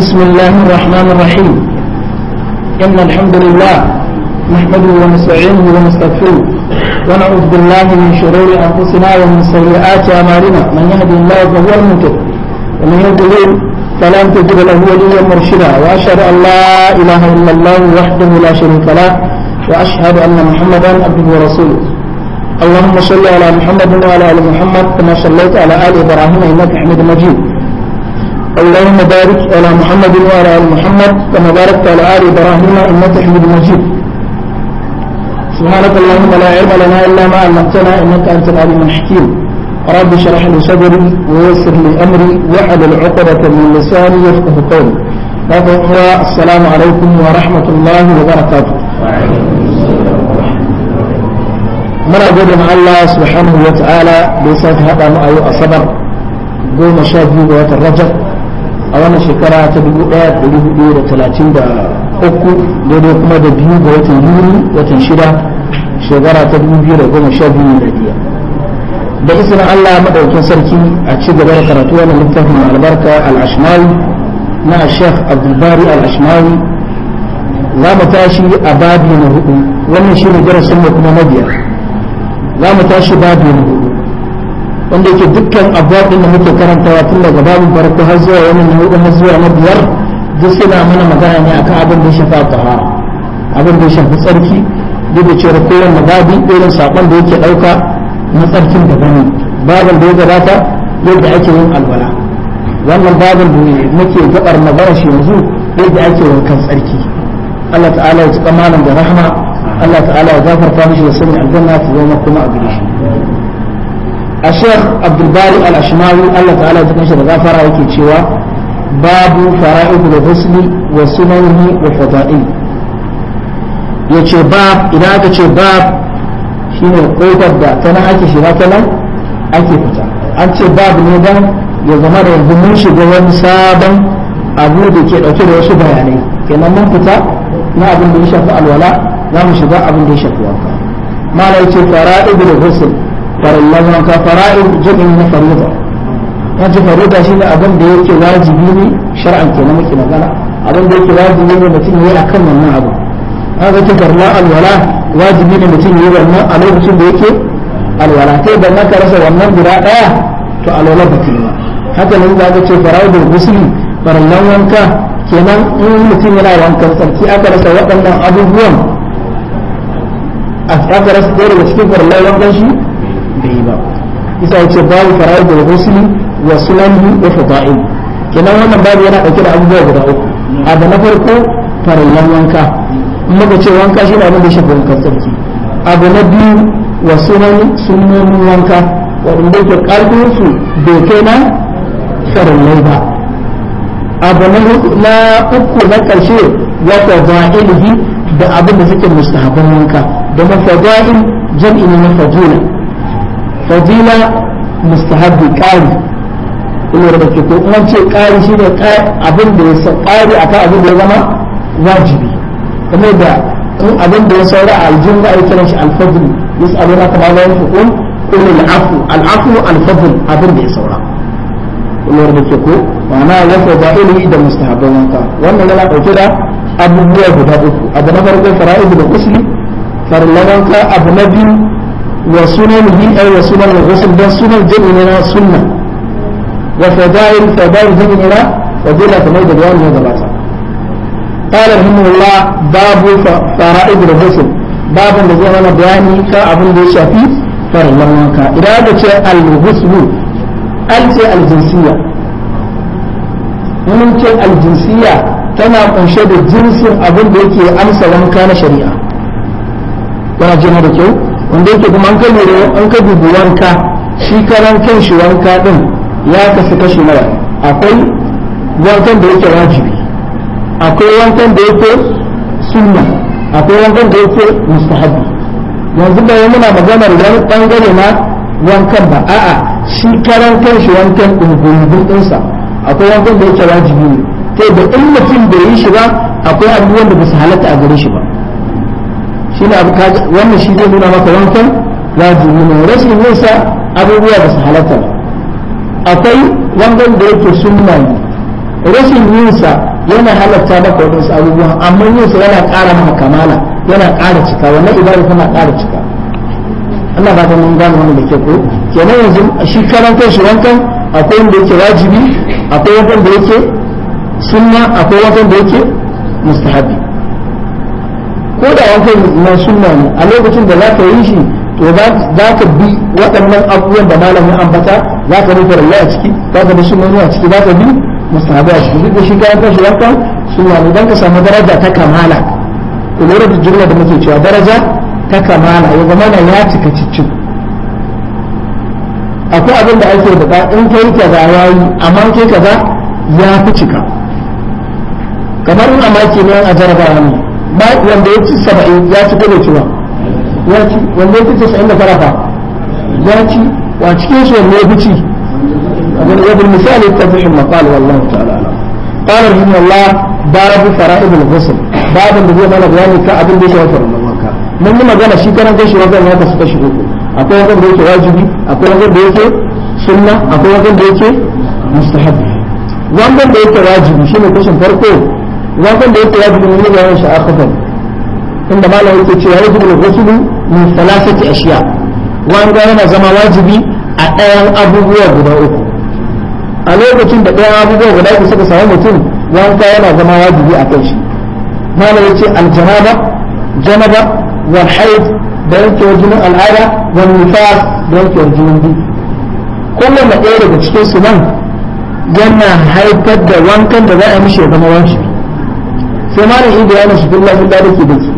بسم الله الرحمن الرحيم إن الحمد لله نحمده ونستعينه ونستغفره ونعوذ بالله من شرور أنفسنا ومن سيئات أعمالنا من يهدي الله فهو المنكر ومن يضلل فلا تجد له وليا مرشدا وأشهد أن لا إله إلا الله وحده لا شريك له وأشهد أن محمدا عبده ورسوله اللهم صل على محمد وعلى آل محمد كما صليت على آل إبراهيم إنك حميد مجيد اللهم بارك على محمد وعلى آل محمد كما باركت على آل إبراهيم إنك حميد مجيد سبحانك اللهم لا علم لنا إلا ما علمتنا إنك أنت العليم الحكيم رب اشرح لي صدري ويسر لي أمري واحلل العقدة من لساني يفقه قولي السلام عليكم ورحمة الله وبركاته وعليكم السلام ورحمه الله subhanahu wa ta'ala da ya sake haɗa mu a yau asabar goma sha a wannan shekara ta 1433 daidai kuma da biyu ga watan yuni watan shida shekara ta 2012 miladiya da izinin Allah madaukin sarki a ci gaba da karatu wannan littafin albarka al-ashmawi na Sheikh Abdul Bari al-Ashmawi za mu tashi a babi na hudu wannan shine darasin mu kuma na biyar za mu tashi babi na hudu wanda yake dukkan abubuwan da muke karantawa tun daga babin farko har zuwa wani na hudu har zuwa na biyar duk suna mana magana ne akan abin da ya shafa tahara abin da ya shafi tsarki duk da cewa kowanne babi irin saƙon da yake ɗauka na tsarkin da ne babin da ya gabata yadda ake yin albala wannan babin da muke gabar magana shi yanzu yadda ake kan tsarki Allah ta'ala ya tuka malam da rahma Allah ta'ala ya gafarta mishi da sani aljanna ta zama kuma a gare shi ashar abdulbari al-ashmawi Allah ta'ala ya kanshi da gafara yake cewa babu fara'idu da ghusli wa sunanihi wa fada'i yace bab idan aka ce bab shine kofar da ta nan ake shiga ta ake fita an ce bab ne dan ya zama yanzu mun shiga wani sabon abu da ke da wasu bayanai kenan mun fita na abin da ya alwala shiga abin da ya wanka farallan wanka fara'id jibin na faruda yanzu ce faruda shi ne abin da yake wajibi ne shar'an ke na muke magana abin da yake wajibi ne mutum ya yi akan wannan abu an zai ta karna alwala wajibi ne mutum ya yi wannan a lokacin da yake alwala ta yi banna ka rasa wannan guda ɗaya to alwala ba ta yi ba haka nan za ka ce da musulmi farallan wanka kenan in mutum yana wankan tsarki aka rasa waɗannan abubuwan a aka rasa ɗaya daga cikin farallan wankan shi bai ba isa ya ce babu fara'id da rusuli wa sunani wa fada'il kenan wannan babu yana dauke da abubuwa guda uku abu na farko farallan wanka muka ce wanka shi ne abin da shafi wankan tsarki abu na biyu wa sunani sunanin wanka waɗanda ke ƙarfin su bai kai na farallai ba abu na uku na ƙarshe wa fada'ilihi da abin da suke mustahaban wanka domin fada'il jam'i ne na fadula fadila mustahabbi ƙari ina da ke ko kuma ce ƙari shi ne abin da ya ƙari akan abin da ya zama wajibi kamar da in abin da ya saura a aljihun da ake kiran shi alfadl yas'aluna kama la yanfiqun qul al'afu al'afu alfadl abin da ya saura ina da ke ko ma'ana ya fadaili da mustahabban wanka wannan yana dauke da abubuwa guda uku abu na farko fara'id da usli farlan ka abu na biyu وسننه أي وسنن الغسل ده سنن جمع إلى سنة وفضائل فضائل جمع إلى فضيلة كما يدبيان هذا الأثر قال رحمه الله باب فرائض الغسل باب الذي أنا بياني كأبن دي شافي فرلا وانكا إرادة الغسل ألت الجنسية من الجنسية tana kunshe da jinsin abin da yake amsa wanka na shari'a yana jima da kyau wanda yake kuma an kai ne an ka dubi wanka shi karan kan shi wanka din ya kasu kashi mara akwai wankan da yake wajibi akwai wankan da yake sunna akwai wankan da yake mustahabi yanzu ba yau muna maganar wani bangare na wankan ba a'a shi karan kan shi wankan ɗungurubin sa akwai wankan da yake wajibi ne to da in mutum bai yi shi ba akwai abubuwan da ba su halatta a gare shi ba abu ne wannan shi zai nuna maka wankan wajibi ne rashin yin sa abubuwa ba su halatta ba akwai wankan da yake sunna ne rashin yin sa yana halatta maka wadansu abubuwa amma yin sa yana ƙara maka kamala yana ƙara cika wannan ibada tana ƙara cika Allah ba ta mun gane wannan da ke ko kenan yanzu shi karan kai shi wankan akwai wanda yake wajibi akwai wankan da yake sunna akwai wankan da yake mustahabi ko da wata na sunna ne a lokacin da za ka yi shi to za ka bi waɗannan abubuwan da malam ya ambata za ka rufe rayu a ciki za ka bi sunnoni a ciki za ka bi mustahabi a ciki duk da shi kayan kashi wanka sunna ne don ka samu daraja ta kamala ku lura da jumla da muke cewa daraja ta kamala ya zama na ya cika cicin akwai abin da ake da in kai kaza yayi amma kai kaza ya fi cika kamar in maki ne a jarabawa ne ba wanda ya ci saba'in ya ci ko bai ya ci wanda ya ci tasa'in da farafa ya ci wa cikin su wanda ya fi ci abin ya bil misali tabi'in maqal wallahu ta'ala qala rahimahullah babu fara'id al-ghusl babin da zai mana bayani ka abin da ya shafi fara'id wanka mun yi magana shi karan kai shi wajen ya kasu kashi uku akwai wajen da yake wajibi akwai wajen da yake sunna akwai wajen da yake mustahabi wanda da yake wajibi shine kashin farko wankan da yake wajibi ne ga yawan sha'a inda malam yake cewa yajibu al-ghusl a thalathati ashiya wanga yana zama wajibi a ɗayan abubuwa guda uku a lokacin da ɗayan abubuwa guda uku suka samu mutum wanka yana zama wajibi a kan shi malam yace al-janaba janaba wal haid da yankewar jinin al'ada wal nifas da yankewar jinin biyu kowanne ɗaya daga cikin su nan yana haifar da wankan da za a mishi ya zama wajibi sai malam yi bayanin shi billahi billahi dake dake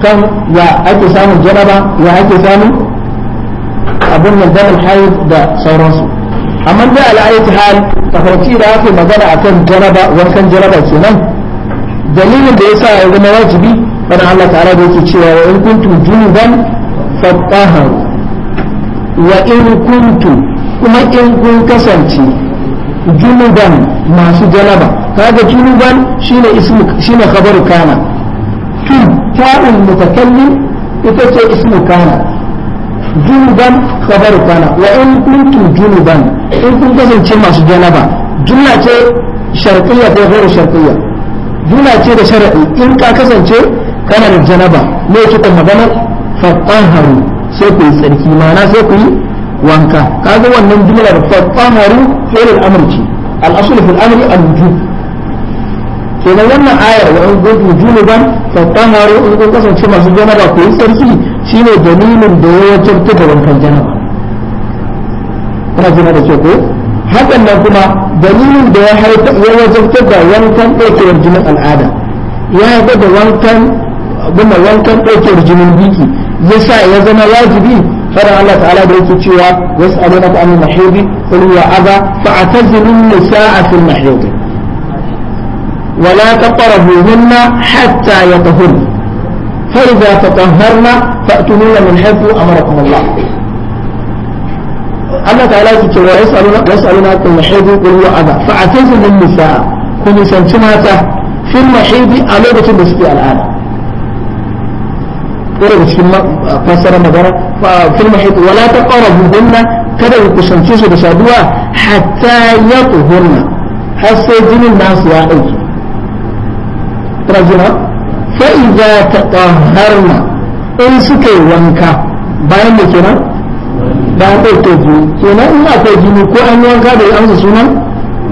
kan ya ake samun jaraba ya ake samun abin nan zaman haid da sauransu amma da al'ayyati hal tafarki da ake magana akan jaraba wankan jaraba kenan dalilin da yasa ya zama wajibi wannan Allah ta'ala da yake cewa wa in kuntum junuban fatahharu wa in kuntum kuma in kun kasance junuban masu jaraba kaga junuban shine ismu shine khabaru kana tun ta'un mutakallim ita ce ismu kana junuban khabaru kana wa in kuntum junuban in kun kasance masu janaba jumla ce sharqiyya ko ghairu sharqiyya jumla ce da shar'i in ka kasance kana da janaba me kika magana fatahharu sai ku yi tsarki ma'ana sai ku yi wanka kaga wannan jumlar fatahharu fi'l al-amr ce al-asl fi al-amri al-wujub kenan wannan ayar wa in gudu juluban fatahharu in kun kasance masu janaba ku yi sarki shine dalilin da ya wajabta da wankan janaba kuma jina da ke ko hakan nan kuma dalilin da ya haifar ya wajabta da wankan ɗaukewar jinin al'ada ya haifa da wankan abinda wankan ɗaukewar jinin biki ya sa ya zama wajibi fara Allah ta'ala da yake cewa wasu alunaka an mahidi qul ya adha fa'tazilu an-nisaa fil mahidi ولا تقربوهن حتى يطهرن فإذا تطهرن فأتمون من حيث أمركم الله الله تعالى يقول ويسألونك المحيض قل هو أذى فاعتزلوا النساء كن سنتماتا في المحيض ألوبة بسكي الآن ورد في فسر مدارة في المحيط ولا تقربوهن كذا يكسنتيسوا بسادوها حتى يطهرن حتى جن الناس يا أيها rajula fa idza tatahharna in suka yi wanka bayan da kenan bayan ɗauke jini kenan in akwai jini ko an yi wanka da amsa sunan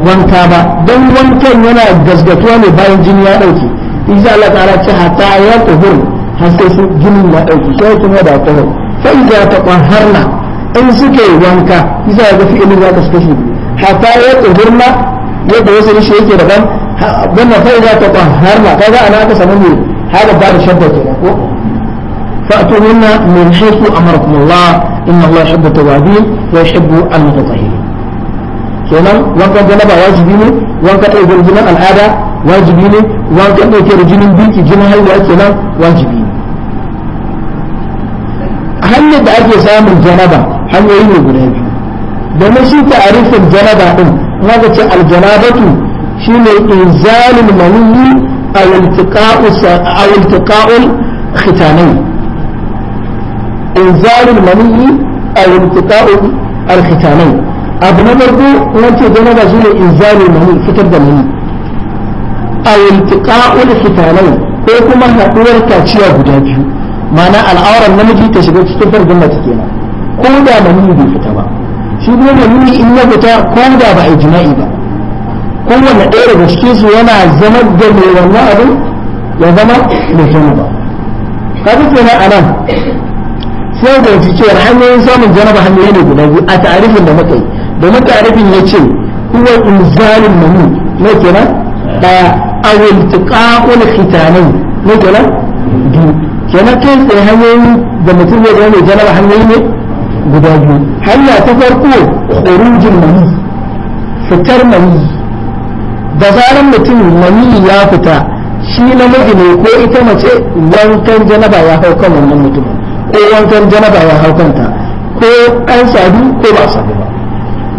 wanka ba don wankan yana gasgatuwa ne bayan jini ya ɗauke insha Allah ta'ala ce hatta ya tuhur har sai su jinin ya ɗauke sai kuma da tuhur fa idza tatahharna in suka yi wanka isa ga fi'ilin za ka suka shi hatta ya tuhurna yadda wasu rishi yake daban بما فإذا تطهرنا كذا أنا أتسمم هذا الدار الشدة فأتوا منا من حيث أمركم الله إن الله يحب التوابين ويحب المتطهرين كنا وانك جنبا واجبين وانك تأذي الجنة الآداء واجبين وانك تأذي رجل بيك جنها وأتنا واجبين هل يدعك يسام الجنبا هل يقول لك دمشي تعريف الجنبا هذا الجنبا shine inzalul maniyyi aw iltiqa'u aw iltiqa'ul khitanayn inzalul maniyyi aw iltiqa'u al khitanayn abu na farko wace janaba shine inzalul maniyyi fitar da maniyyi aw iltiqa'ul khitanayn ko kuma haduwar kaciya guda biyu ma'ana al'auran namiji ta shiga cikin farjin mace kenan ko da maniyyi bai fita ba shi kuma maniyyi in ya fita ko da ba a jima'i ba kowane ɗaya daga cikin su yana zama da mai wannan abin ya zama mai janaba kaga kenan a nan sai da yanzu cewar hanyoyin samun janaba hanyoyi ne guda biyu a ta'arifin da muka yi domin ta'arifin ya ce huwa inzalin mamu ne kenan daya awil tiqa'ul khitanai ne kenan biyu kenan kai sai hanyoyin da mutum zai zama mai janaba hanyoyi ne guda biyu hanya ta farko khurujin mamu fitar mamu da zaran mutum maniyi ya fita shi namiji ne ko ita mace wankan janaba ya hau kan wannan mutum ko wankan janaba ya hau kanta ko an sadu ko ba sadu ba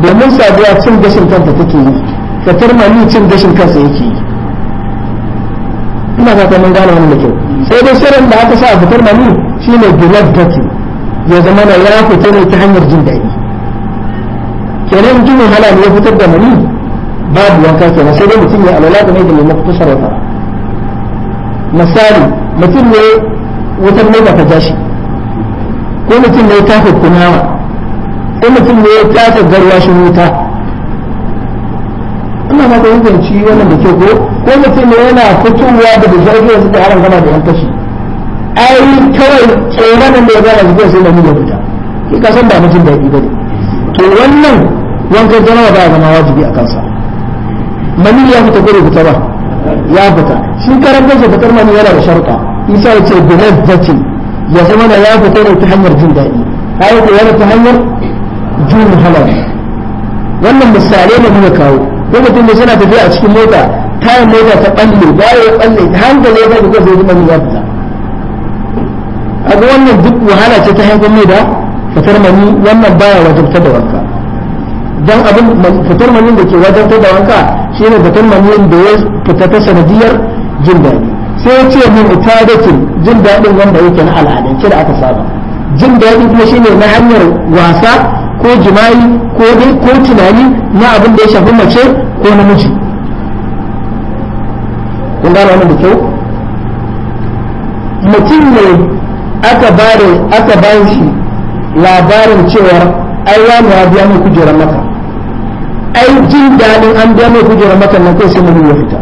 domin saduwa cin gashin kanta take yi fatar mani cin gashin kansa yake yi ina fata mun gane wannan da kyau sai dai shirin da aka sa a fitar mani shine bilad dati ya zama na ya fita ne ta hanyar jin daɗi kenan jinin halal ya fitar da mani babu wanka kenan sai dai mutum ya alwala da mai da mai ta sarrafa misali mutum ne wutar mai ta gashi ko mutum ne ta hukunawa ko mutum ne ta tagarwa shi wuta ina ma ta hukunci wannan da ke ko ko mutum ne yana fitowa da jirgin suka haram gama da yan kashi ai kawai tsoron da ya gana zuwa sai da mu da wuta ki kasan ba mutum da ya ɗi to wannan wankan jama'a ba a zama wajibi a kansa mani ya fita ko fita ba ya fita shi karan kansa fitar mani yana da sharuɗa isa ya ce bilal zaci ya zama da ya fita ne ta hanyar jin daɗi ayo ko yana ta hanyar jin wahala wannan misalai ne muka kawo ko mutum ne yana tafiya a cikin mota tayan mota ta balle baya ya balle hankali ya ga ko zai mani ya fita a ga wannan duk wahala ce ta haifar mai da fitar mani wannan baya wajabtar da wanka dan abin fitar manin da ke wajabtar da wanka shi ne batun maniyin da ya fita ta sanadiyar jin daɗi sai ya ce min itadatin jin daɗin wanda yake na al'adance da aka saba jin daɗi kuma shi ne na hanyar wasa ko jima'i ko ko tunani na abin da ya shafi mace ko namiji kun gane wannan da kyau mutum ne aka bare aka shi labarin cewa ai wani ya biya min kujerar maka ai jin daɗin an biya mai kujera matan nan kai sai mu ya fita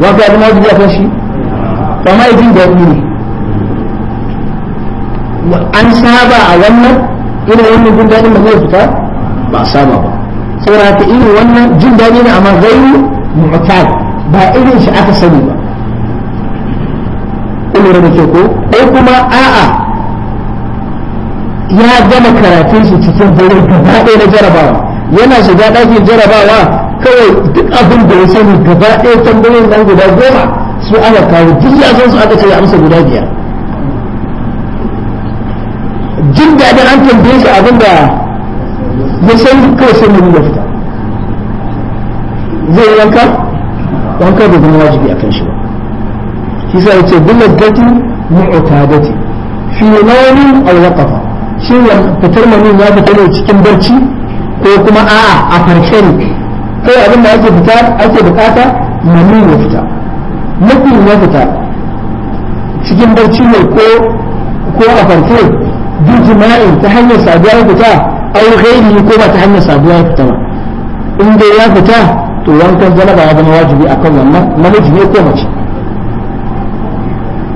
wanda da zama biya kan shi kama jin dadi ne an saba a wannan irin wannan jin dadin ba zai fita ba a saba ba saboda haka irin wannan jin daɗi ne amma gairu mu'tad ba irin shi aka sani ba ilmi da ke ko ko kuma a'a ya gama karatun shi cikin dare gaba ɗaya na jarabawa yana shiga ɗakin jarabawa kawai duk abin da ya sani gaba ɗaya tambayoyin nan guda goma su aka kawo duk ya san su aka ce amsa guda biyar jin daɗin an tambaye shi abin da ya san kawai sai mu fita zai yanka wanka bai zama wajibi a kan shi ba shi sa ya ce bullar gati mu'utadati fi nauyin aw ciwon fitar manin ya fita ne cikin barci ko kuma a'a a farce ne kai abin da ake fita ake bukata manin ya fita manin ya fita cikin barci ne ko ko a farce bi jima'in ta hanyar saduwa ya fita au ghairi ko ba ta hanyar saduwa ya fita ba in dai ya fita to wankan janaba ya zama wajibi akan wannan namiji ne ko mace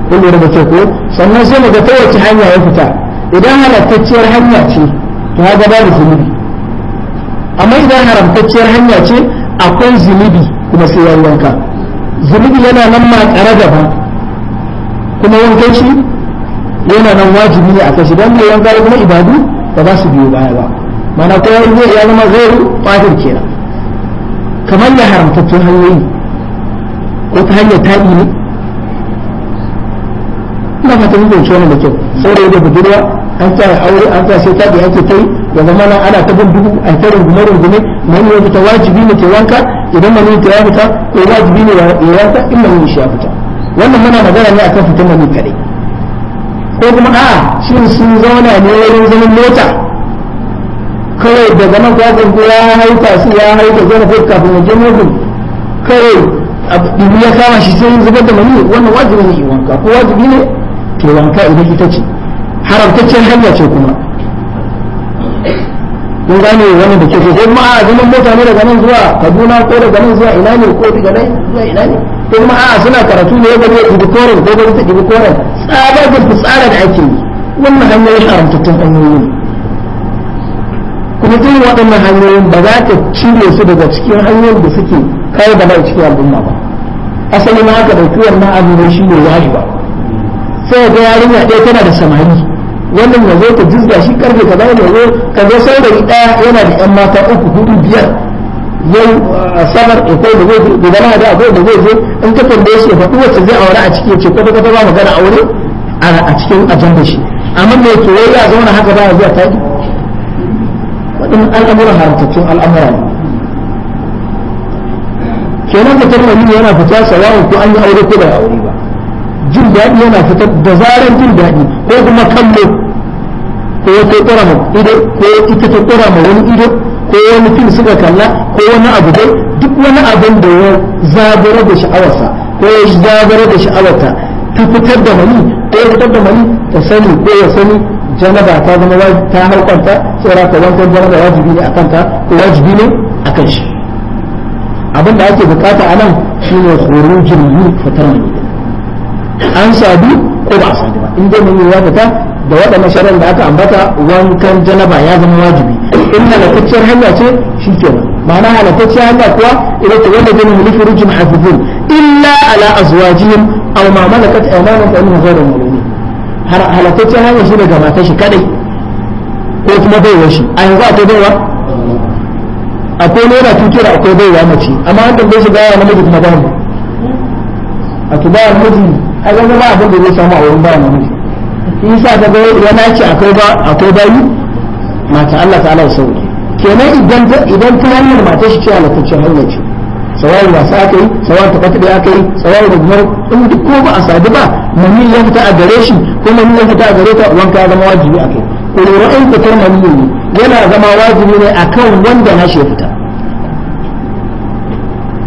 kullum da ke ko sannan sai mu ga ta wace hanya ya fita idan halattacciyar hanya ce to haka da zunubi amma idan haramtacciyar hanya ce akwai zunubi kuma sai ya wanka zunubi yana nan ma tsara gaba kuma wankan shi yana nan wajibi ne a kashi don mai wanka kuma ibadu ba za su biyo baya ba mana ko yau zai ya zama zai fahim kenan kamar ya haramtattun hanyoyi ko ta hanyar taɗi ne fata mun fahimci wannan da kyau saurayi da budurwa an ta aure an ta sai tabi ake kai ya zama nan ana ta bin dubu a ta rungume rungume mani ya fita wajibi ne ta wanka idan mani ta ya fita ko wajibi ne ya wanka in mani shi ya fita wannan muna magana ne akan fitan mani kadai ko kuma a shin sun zauna ne wurin zaman mota kawai daga nan kwazon ya haifa su ya haifa zai na kafin ya je mugun kawai abu ya kama shi sai zubar da mani wannan wajibi ne wanka ko wajibi ne to wanka idan ita ce haramtaccen hanya ce kuma kun gane wani da ke ko ma a zaman mota ne daga nan zuwa kaduna ko daga nan zuwa ina ne ko daga nan zuwa ina ne ko kuma a suna karatu ne ga zai ɗibi koren ko ga zai ɗibi koren tsabar da fitsara da ake yi wannan hanyoyin haramtattun hanyoyi ne kuma irin waɗannan hanyoyin ba za ka cire su daga cikin hanyoyin da suke kai da mai cikin al'umma ba asali ma aka ɗauki wannan abu ne shi ne wajiba sai ga yarinya ɗaya tana da samari wannan ya zo ta jizga shi karfe kaza ya zo ka zo saurayi ɗaya yana da ƴan mata uku hudu biyar yau sabar akwai da zai da zama da akwai da zai zo in ka tambaye shi ya faɗi wacce zai aure a cikin ya ce kwata kwata ba magana aure a cikin ajandar shi amma me yake wai ya zauna haka ba ya zuwa taɗi waɗannan al'amuran haramtattun al'amura ne kenan da tarwani yana fita sawa'un ko an yi aure ko ba aure ba jin daɗi yana fitar da zarar jin daɗi ko kuma kallo ko ta kura ma ido ko ita ta kura ma wani ido ko wani fim suka kalla ko wani abu dai duk wani abin da ya zabara da sha'awarsa ko ya zabara da sha'awarta ta fitar da mani ko ya fitar da mani ta sani ko ya sani janaba ta zama ta harkanta tsira ta wanka janaba wajibi ne akan ta ko wajibi ne akan shi abin da ake bukata a nan shine khurujul fitar mani an sadu ko ba a sadu ba in dai mun ya fita da waɗannan sharan da aka ambata wankan janaba ya zama wajibi in halattacciyar hanya ce shi kenan ma'ana halattacciyar hanya kuwa ila ta wanda jini mu lifi rujin hafifun illa ala azwajihim aw ma malakat aymanuhum fa innahum ghayru mu'minin halattacciyar hanya shi daga matar shi kadai ko kuma baiwar shi a yanzu akwai baiwa akwai naira tutura akwai baiwa mace amma an tambaye shi gaya namiji kuma bayan a to bayan a zama ba abin da zai samu a wurin ba namiji in sa ta ga yana ce akwai ba akwai bayi mata Allah ta'ala ya sauke kenan idan idan ta hanyar mata shi ce halattacce hanyar ce sawai wasa aka kai sawai ta kwataɗe aka yi sawai da gumar in duk ko ba a sadu ba mani ya fita a gare shi ko mani ya fita a gare ta wanka zama wajibi a kai ko lura in fitar mani ne yana zama wajibi ne akan wanda na shi fita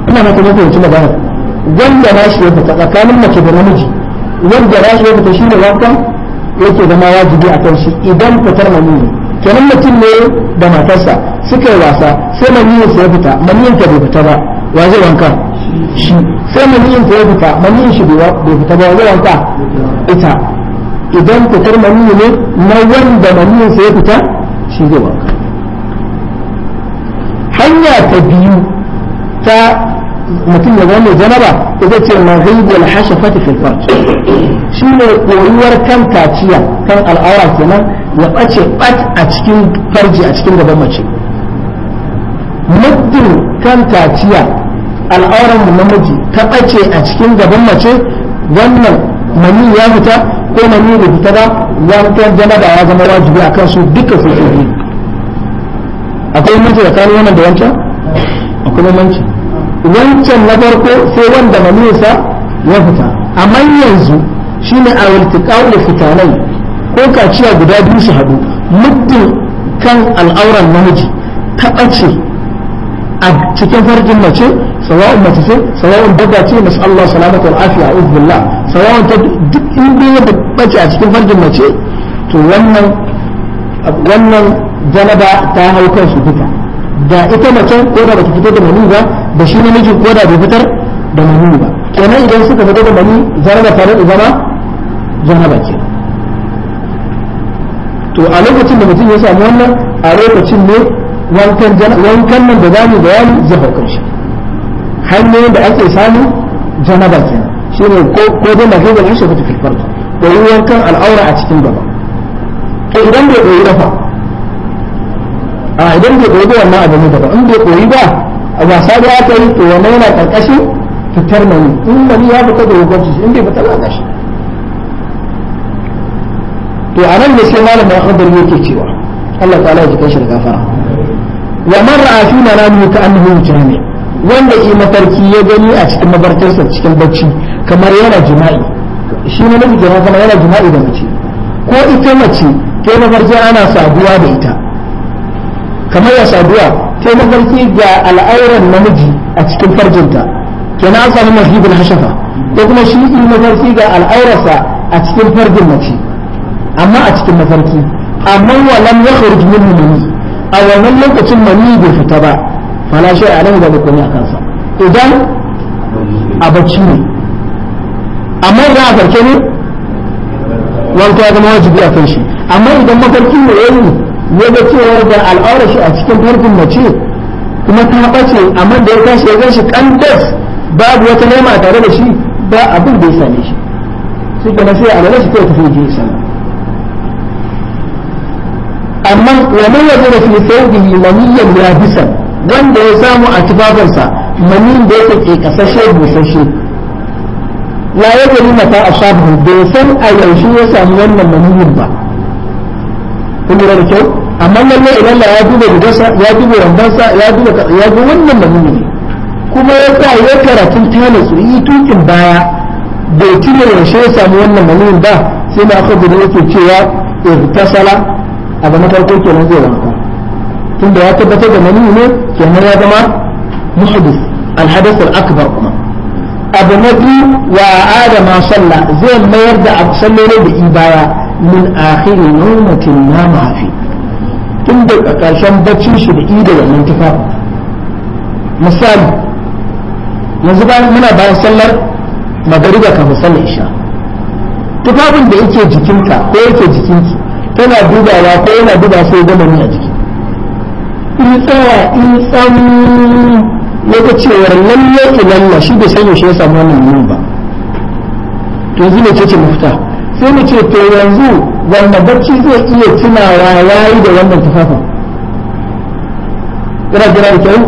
ina mata mafi wacce magana wanda shi ya fita tsakanin mace da namiji wanda shi ya fita shi ne wanka yake zama wajibi a kan shi idan fitar maniyyi kenan mutum ne da matarsa suka yi wasa sai maniyyin sa ya fita maniyyin ta bai fita ba wa zai wanka shi sai maniyyin ta ya fita maniyyin shi bai fita ba wa zai wanka ita idan fitar maniyyi ne na wanda maniyyin sa ya fita shi zai wanka hanya ta biyu ta mutum ya zama janaba ta zai ce maghibul hashafati fil farj shi ne koyuwar kan kaciya kan al'aura kenan ya ɓace bat a cikin farji a cikin gaban mace muddin kan kaciya al'auran mu namiji ta ɓace a cikin gaban mace wannan mani ya fita ko mani ya fita ba wankan janaba ya zama wajibi a kan su duka su akwai mutu da kano wannan da wancan akwai manci wancan na farko sai wanda maniyinsa ya fita amma yanzu shine a waltiqa'u fitanai ko kaciya guda biyu su haɗu muddin kan al'auran namiji ta ɓace a cikin farkin mace sawa'un mace ce sawa'un dabba ce masu Allah salamata wa afiya a uzbillah sawa'un ta duk inda ya ɓace a cikin farkin mace to wannan wannan janaba ta hau kansu duka da ita mace ko da bata fito da mani ba da shi namijin ko da bai fitar da mani ba kenan idan suka fito da mani da faru da zama ba ke to a lokacin da mutum ya samu wannan a lokacin ne wankan nan da zamu bayani zai haukan shi hanyoyin da ake samu ba ke shi ne ko dai na gaban shi fita filfarta ko wankan al'aura a cikin gaba ko idan bai koyi dafa a idan bai koyi wannan abin da ba in bai koyi ba a wasa da aka yi to wannan yana karkashin fitar mani in mani ya fita da hukunci in bai fita ba shi to a nan da sai malamin akhdar yake cewa Allah ta'ala ya jikan shi da gafara wa man ra'a fi manami ka annahu jami wanda yi mafarki ya gani a cikin mabartarsa cikin bacci kamar yana jima'i shi ne namiji kenan kuma yana jima'i da mace ko ita mace ke mafarki ana sabuwa da ita kamar ya saduwa na mafarki ga al'auran namiji a cikin farjinta kenan an samu masjidul hashafa ko kuma shi yi mafarki ga al'aurarsa a cikin farjin mace amma a cikin mafarki amma walam ya kharuj min mani a wannan lokacin mani bai fita ba fala shi a nan da komai a kansa idan a bacci ne amma idan a farke ne wanka ya zama wajibi a kan shi amma idan mafarki ne ya yayi ya ga cewa da al'aurar shi a cikin farkin mace kuma ta bace amma da ya tashi ya ganshi kandas babu wata nema tare da shi ba abin da ya same shi sai kana sai ya shi kai tafi ji sana amma wa man wajada fi thawbihi ya bisa wanda ya samu a tufafinsa manin da yake ke kasashe busashe la yadri mata ashabu bai san a yaushe ya samu wannan maniyin ba kun lura da kyau amma lalle idan la ya duba gidansa ya duba ya duba ya ga wannan namuni ne kuma ya sa ya karatun tana su yi tukin baya bai yaushe ya samu wannan namunin ba sai na aka gudu yake cewa irtasala abu na farko kenan zai wanka tunda ya tabbatar da namuni ne kenan ya zama muhdis alhadas al-akbar kuma abu na biyu wa adama sallah zai mayar da sallolin da i baya min akhiri nawmatin nama mafi tun da ƙarshen baccin shi da ida wannan tufafin misali yanzu bayan muna bayan sallar magariba kafin sallar isha tufafin da yake jikinka ko yake jikinki tana dubawa ko yana duba sai ya gama ni a jiki in tsaya in tsam ya ga cewar lalle ilalla shi bai san shi ya samu wannan ba to yanzu ne ce mafita sai mu ce to yanzu wanda bacci zai iya tunawa yayi da wannan tufafin ina jira da kyau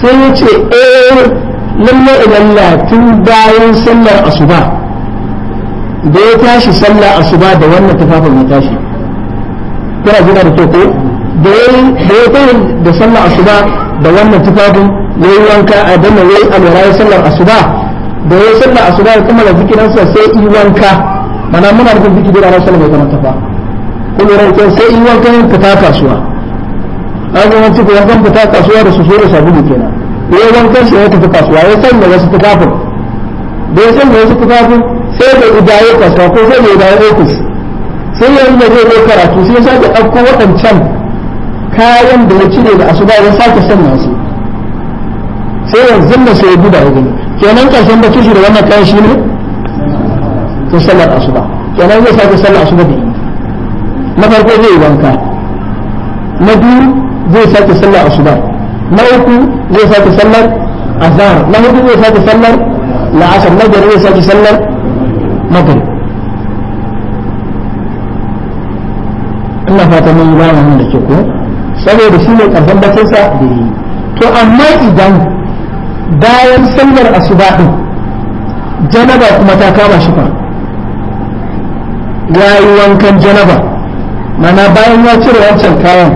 sai ya ce eh lalle idan tun bayan sallar asuba da ya tashi sallar asuba da wannan tufafin ya tashi Kana jira da kyau ko da ya tashi da sallar asuba da wannan tufafin ya yi wanka a dana ya yi alwara ya sallar asuba da ya sallar asuba ya da zikinansa sai yi wanka mana muna da biki da rasul bai kamar tafa kuma ran kai sai in wanka yin fita kasuwa an yi wancan wankan fita kasuwa da su so da sabulu kenan ya yi wankan shi ya tafi kasuwa ya Da wasu tufafin da ya sanya wasu tufafin sai da idaye kasuwa ko sai da idaye ofis sai ya yi zai yi karatu sai ya sake ɗauko waɗancan kayan da ya cire da asuba ya sake sanya su sai yanzu da sai ya guda ya gani kenan ƙarshen da kishi da wannan kayan shi ne sai sallar asuba kenan zai sake sallar asuba da na farko zai wanka na biyu zai sake sallar asuba na uku zai sake sallar azhar na hudu zai sake sallar la'asar na biyar zai sake sallar maghrib ina fata mun gane mun da ke ko saboda shi ne karfan bacin sa da yi to amma idan bayan sallar asuba din janaba kuma ta kama shi fa ya wankan janaba mana bayan ya cire wancan kayan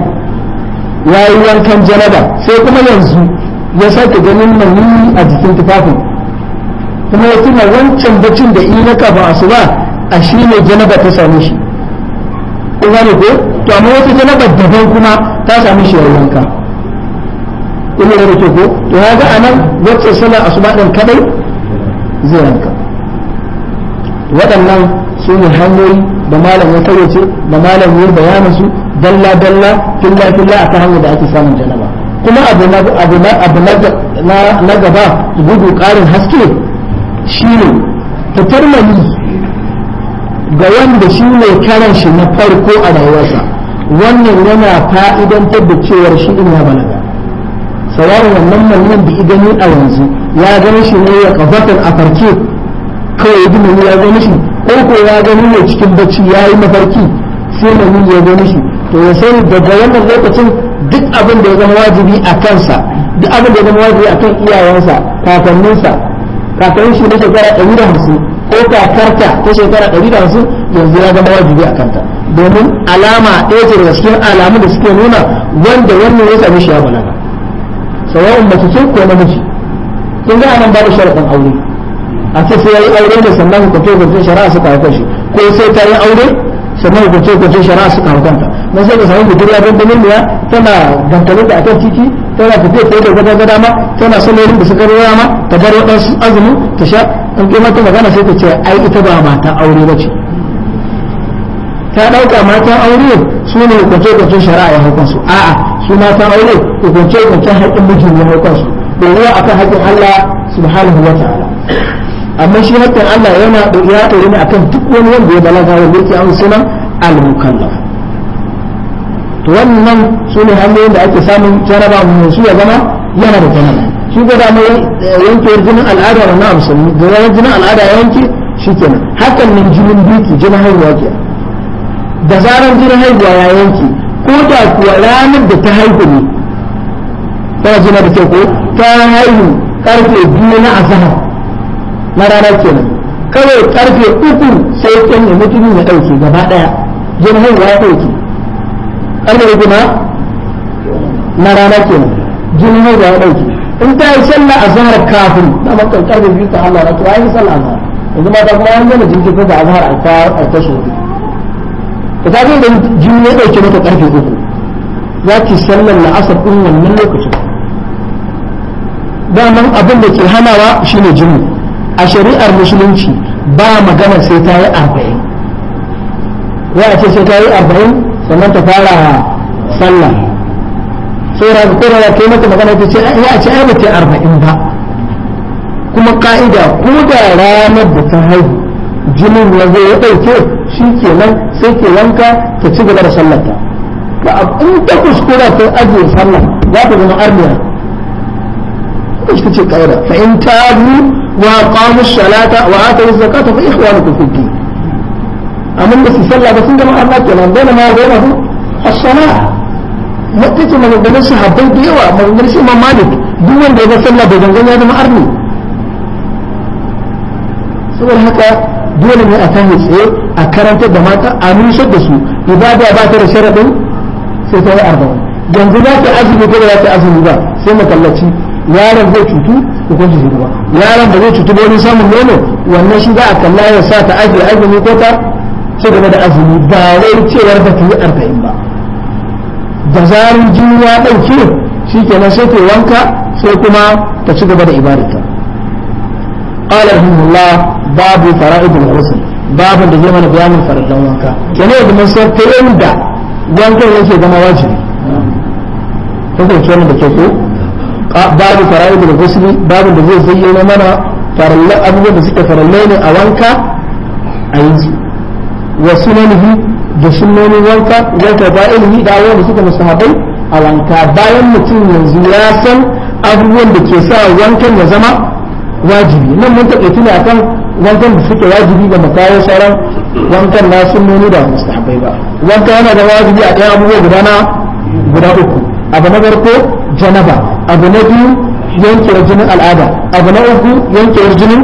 ya wankan janaba sai kuma yanzu ya sake ganin maniyyi a jikin tufafin kuma ya tuna wancan bacin da ya kafa kafin asuba a shi ne janaba ta same shi kun gane ko to amma wata janaba daban kuma ta same shi yayin wanka kuma da ko to ya ga anan wacce sallar asuba din kadai zai wanka waɗannan su ne hanyoyi da malam ya da malam ya bayanin su dalla dalla filla filla ta hanyar da ake samun jalaba kuma abu na abu na abu na gaba gudu ƙarin haske shine fitar mali ga wanda shi ne karan shi na farko a rayuwarsa wannan yana fa'idantar da cewar shi ina balaga sawar wannan mallan da idanu a yanzu ya gani shi ne ya kafatar a farke kawai ji mani ya zo shi ko ko ya gani ne cikin bacci ya yi mafarki sai mani ya zo shi to ya sani daga wannan lokacin duk abin da ya zama wajibi a kansa duk abin da ya zama wajibi a kan iyayensa kakanninsa kakannin shi na shekara ɗari da hamsin ko kakarta ta shekara ɗari da hamsin yanzu ya zama wajibi a kanta domin alama ɗaya ce daga cikin alamun da suke nuna wanda wannan ya sami shi ya balaga sawa'un mace ce ko namiji kun ga anan babu sharaɗin aure a ce sai ya yi aure da sannan hukunce hukuncin shari'a suka haukan shi ko sai ta yi aure sannan hukunce hukuncin shari'a suka haukan ta na sai ka samu budurwa don ganin miya tana dankalin da akan titi tana tafiya ta yi da gwada ga dama tana salorin da suka rura ma ta bar waɗansu azumin ta sha an kai mata magana sai ta ce ai ita ba mata aure ba ce ta ɗauka matan aure su ne hukunce hukuncen shari'a ya haukan su a'a su matan aure hukunce hukuncen haƙƙin mijin ya haukan su domin akan haƙƙin Allah subhanahu wa ta'ala amma shi haƙƙin Allah yana ya tsoro ne akan duk wani wanda ya balaga wanda yake an suna al-mukallaf to wannan sune hanyoyin da ake samun jaraba mu su ya zama yana da janaba shi ko da mai yanke eh, jinin al'ada na musulmi da jinin al'ada yanke shikenan hakan ne jinin biki jinin haihuwa ke da zaran jinin haihuwa ya yanke ko da kuwa ranar da ta haihu ne ta jina da ke ko ta haihu karfe biyu na azahar na rana kenan kawai karfe uku sai kyan ya mutum ya ɗauke gaba ɗaya jin haihuwa ya ɗauke karfe uku na na rana kenan jin haihuwa ya ɗauke in ta yi sallah a zahar kafin na makon karfe biyu ta Allah na tuwa yi sallah azhar yanzu ta kuma an gama jinkirta da azhar a ta so ta ta zai dan jini ya ɗauke mata karfe uku za ki sallar na asar ɗin wannan lokacin daman abin da ke hanawa shine jini a shari'ar musulunci ba magana sai ta yi arba'in ya a ce sai ta yi arba'in sannan ta fara sallah saura ga kowa kai mata magana ta ce ya ce ai bata arba'in ba kuma ka'ida ko da ranar da ta haihu jinin ya zo ya ɗauke shi nan sai ke wanka ta ci gaba da sallarta ba a in ta kuskura ta ajiye sallah za ta zama ko shi ce ka'ida fa in ta وأقاموا الصلاة وآتوا الزكاة فإخوانكم في الدين أمن بس يسلى بس عندما أردت لأن بين ما بينه الصلاة مكة من الدنس حبي ديوة من الدنس إمام مالك دون بيضا سلى بيضا جنة ما أرني سوى الحكا دون من أتاهز إيه أكرمت دماتا أمين شدسو إذا بأبات الشرط سيتوى أربعون yanzu za ta azumi ko ba za ta azumi ba sai mu kallaci yaron zai cutu hukunci zai ruwa yaron ba zai cutu ba wani samun nono wannan shi za a kalla ya sa ta ajiye azumi ko ta ce gaba da azumi ba wai cewar ba ta yi arba'in ba da zarin jini ya ɗauke shi kenan sai wanka sai kuma ta ci gaba da ibadarta قال رحمه الله باب فرائض الغسل باب da zai mana bayanin faraddan wanka kenan yadda mun sai ta yanda wankan yake zama wajibi da ko babu fara'id da ghusli babu da zai zayyana mana farallan abubuwan da suke farallai ne a wanka a yi wa sunanihi da sunanin wanka wata ba'ilihi da abubuwan da suke musahabai a wanka bayan mutum yanzu ya san abubuwan da ke sa wankan ya zama wajibi nan mun taɓa tuna akan wankan da suke wajibi ba mu kawo sauran wankan na sunnoni da mustahabai ba wanka yana da wajibi a ɗaya abubuwa guda na guda uku abu na farko janaba abu na biyu yankewar jinin al'ada abu na uku yankewar jinin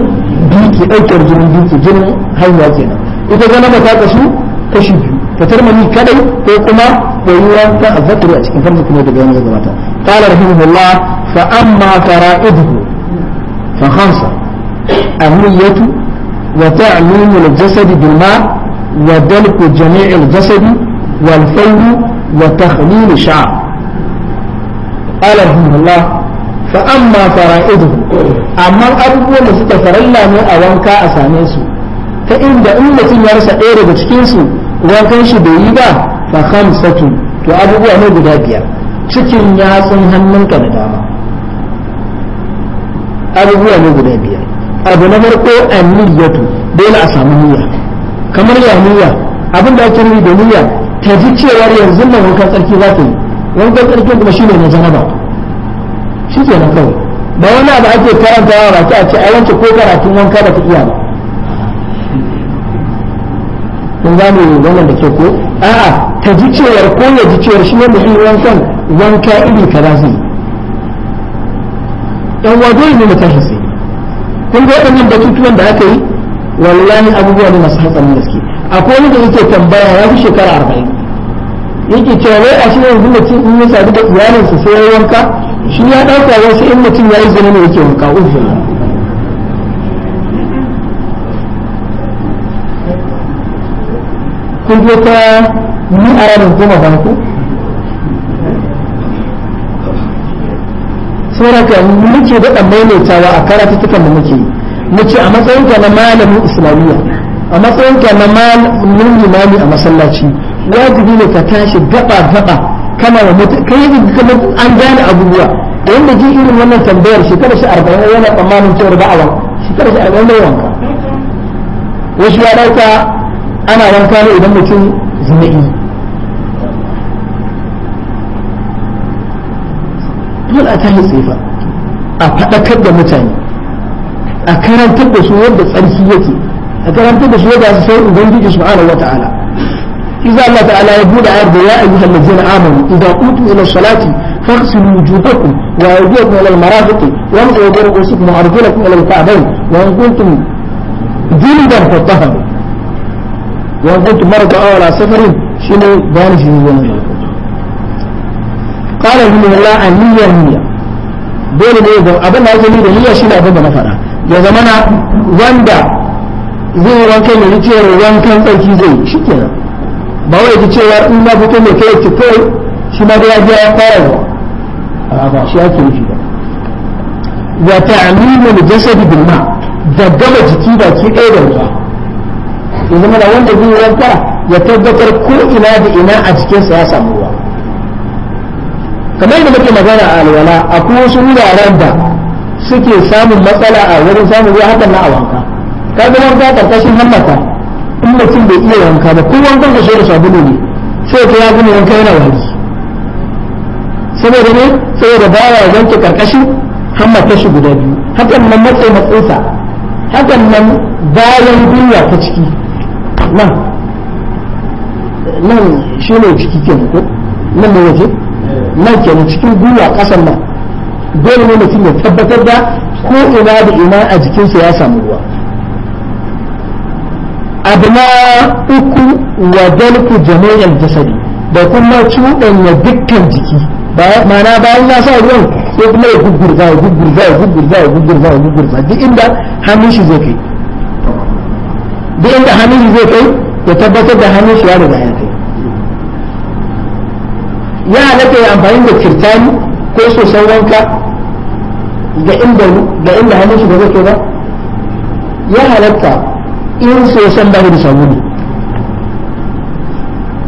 biki ɗaukar jinin biki jinin haihuwa kenan ita janaba ta kasu kashi biyu ta mani kadai ko kuma koyuwa ta azzakari a cikin farko kuma daga yanzu gabata qala rahimahullah fa amma fara'iduhu fa khamsa ahliyatu wa ta'lim al-jasad bil ma' wa dalku wa قال رحمه الله فأما فرائده أما أبوه لسك فرلا من أوانكا أسانيسو فإن دعوة يرسى إيري بتكيسو وانكا شبيبا فخمسة to abubuwa ne guda biyar cikin yatsun hannunka da dama abubuwa ne guda biyar abu na farko anniyatu dole a samu niyya kamar ya niyya abin da ake nufi da niyya ta ji cewar yanzu nan wankan tsarki za ta yi wankan tsarkin kuma ne na janaba shi ke nan kawai ba wani abu ake karantawa ba ta ce a wance ko karatun wanka da ta iya ba kun za mu wannan da ke ko a'a ta ji cewar ko ya ji cewar shi ne mutum wankan wanka iri kaza zai Ɗan wajo ne mu tashi sai kun ga waɗannan batutuwan da aka yi wallahi abubuwa ne masu hatsarin gaske akwai wani da yake tambaya ya fi shekara arba'in yake cewa wai a shi yanzu mutum in ya sadu da iyalinsa sai ya wanka shi ya ɗauka wasu in mutum ya yi zane ne yake wanka uzuri kun je ta ni a yanar goma ba ku sauraka muke daɗa maimaitawa a karatuttukan da muke muke a matsayinka na malamin islamiyya a matsayinka na malamin limami a masallaci wajibi ne ka tashi gaba gaba kana wa mutum kai yanzu kamar an gane abubuwa da wanda ji irin wannan tambayar shekara shi arba'in yana tsammanin cewar da'awa shekara shi arba'in bai wanka wasu ya dauka ana wanka ne idan mutum zina'i dole a yi tsefa a faɗakar da mutane a karantar da su yadda tsarki yake a karantar da su yadda su sai ubangiji subhanahu wata'ala إذا الله تعالى يقول عرض يا أيها الذين آمنوا إذا قمتم إلى الصلاة فاغسلوا وجوهكم وأيديكم إلى المرافق وامسحوا برؤوسكم وأرجلكم إلى الكعبين وإن كنتم جنبا فطهروا وإن كنتم مرضى أو على سفر شنو بانش من قال رحمه الله عن نية النية dole ne abin da ake da niyya shine abin da na faɗa ya zamana wanda zai wankan ya yi ba wai ki cewa in na fito mai kai ki kai shi ma da ya ji ya fara ba ba shi ake nufi ba wa ta'mimu jasadi bil ma da gama jiki ba ki ɗaya da ruwa ya zama da wanda wanka ya tabbatar ko ina da ina a cikinsa ya samu ruwa kamar da muke magana a alwala akwai wasu wuraren da suke samun matsala a wurin samun ruwa hakan na a wanka ka ga wanka karkashin hannaka in mutum bai iya wanka ba kun wankan ka so da sabulu ne sai ka ya gumi wanka yana wani saboda ne saboda ya wanke karkashin hamma ta shi guda biyu hakan nan matsayi matsayinsa hakan nan bayan duniya ta ciki nan nan shi ne ciki ke ko nan ne waje nan ke cikin duniya kasan nan dole ne mutum ya tabbatar da ko ina da ina a jikinsa ya samu ruwa abu na uku wa dalku jami'ar jasadi da kuma cuɗanya dukkan jiki ma'ana bayan ya sa ruwan sai kuma ya gugurza ya gugurza ya gugurza ya gugurza ya gugurza duk inda hannun shi zai kai duk inda hannun shi zai kai ya tabbatar da hannun shi ya riga ya kai ya halatta ya amfani da kirtani ko sosan wanka ga inda hannun shi ba zai kai ba ya halatta in so san ba da sabulu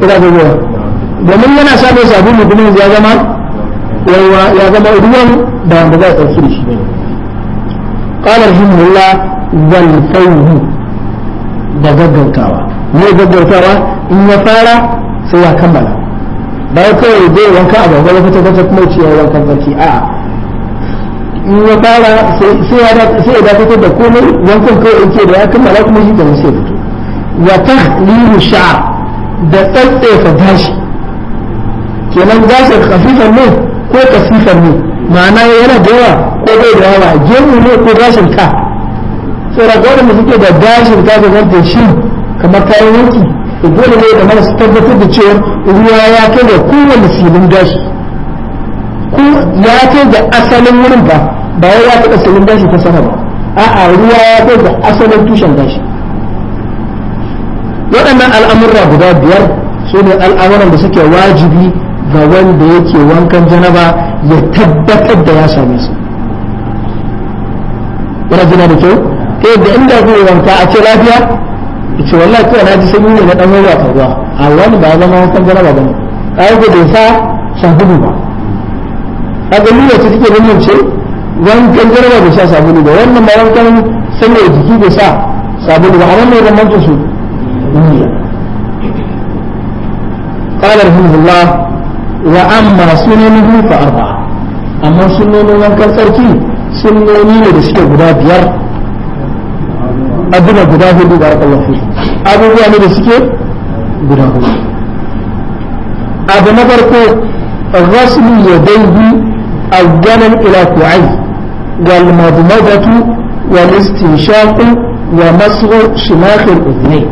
ina ga gowa domin yana samun sabulu kuma ya zama yawa ya zama ruwan da wanda za a ɗauki da shi ne qala rahimahullah wal fawhu da gaggautawa ne gaggautawa in ya fara sai ya kammala ba kawai zai wanka a gaba wata kwata kuma ciya wankan tsarki a'a in ya fara sai ya dakatar da komai wankan kawai yake da ya kammala kuma shi kenan sai fito wa tahlilu sha'r da tsatsefa gashi kenan gashin khafifan ne ko kasifan ne ma'ana yana da yawa ko bai da yawa gemu ne ko gashin ka tsira gwada mu suke da gashin ka ga da shi kamar kayan yanki dole ne da mana su tabbatar da cewa ruwa ya kai da kowane silin gashi ko ya kai da asalin wurin ba ba wai ya taɓa silin gashi ta sama ba a'a ruwa ya kai da asalin tushen gashi waɗannan al'amurra guda biyar su ne al'amuran da suke wajibi ga wanda yake wankan janaba ya tabbatar da ya same su yana jina da kyau ta yadda inda zai wanka a ce lafiya ya ce wallahi kawai na ji sanyi ne na ɗan ruwa a wani ba ya zama wankan janaba ba ne ka yi gudun sa shan gudu ba a kaga niyya ce take bambance wankan jarba bai sa sabulu ba wannan ba wankan sanya jiki da sa sabulu ba amma mai ramanta su niyya qala rahimahullah wa amma sunanuhu fa arba'a amma sunanin wankan sarki sunoni ne da suke guda biyar abuna guda hudu da Allah fi abubuwa ne da suke guda hudu abu na farko rasul yadaihi أجانا إلى كعي والمضمضة والاستنشاق ومسغ شماخ الأذنين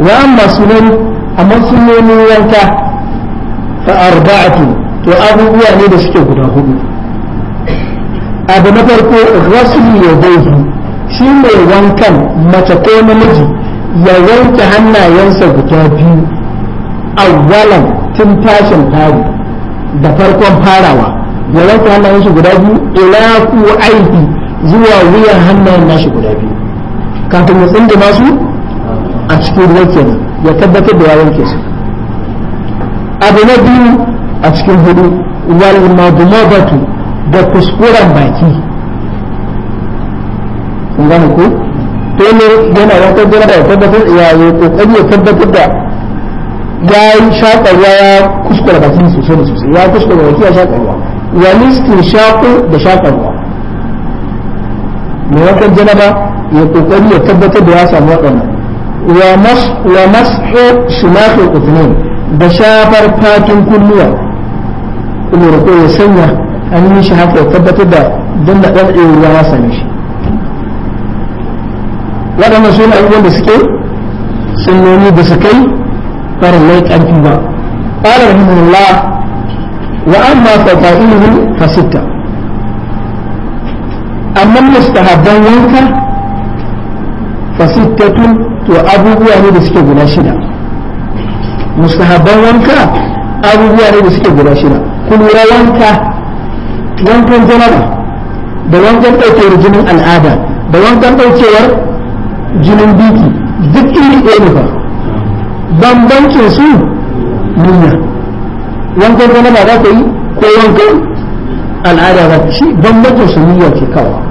وأما سنن أما سنن ينكى فأربعة تؤذب يعني بسكبنا هم أبو مدرك غسل يديه شما ينكى ما تقوم نجي يوانك هنا ينسى كتابي أولا تنتاشا هذه da farkon farawa goran ku hannayen shi guda biyu ila ku aiki zuwa wuyan hannayen nashi guda biyu kafin ya tsinda masu a cikin ruwa kenan ya tabbatar da yawon ke su abu na biyu a cikin hudu wal madmadatu da kuskuren baki kun gane ko dole yana yankar gura da ya tabbatar ya yi kokari ya tabbatar da ya yi shaƙa ruwa ya kuskura bakin sosai da sosai ya kuskura baki ya shaƙa ruwa wani skin shaƙo da shaƙa ruwa mai wankan janaba ya kokari ya tabbatar da ya samu waɗannan wa masho shimafi kutunin da shafar fatin kunnuwa kuma da ya sanya an yi shi haka ya tabbatar da don da ɗan ɗaya ya same shi waɗannan su ne abubuwan da suke sunnoni da su kai farallai ƙarfi ba قال رحمه الله وأما فضائله فستة أما المستحبان وانكا فستة وأبوه يعني بسكي guda shida. mustahabban wanka abubuwa ne da suke guda shida kulura wanka wankan janaba da wankan ɗaukewar jinin al'ada da wankan ɗaukewar jinin biki duk iri ɗaya ne bambancin su niyya wankan kana ba za ka yi ko wankan al'ada ba ka shi bambancin su niyya ce kawai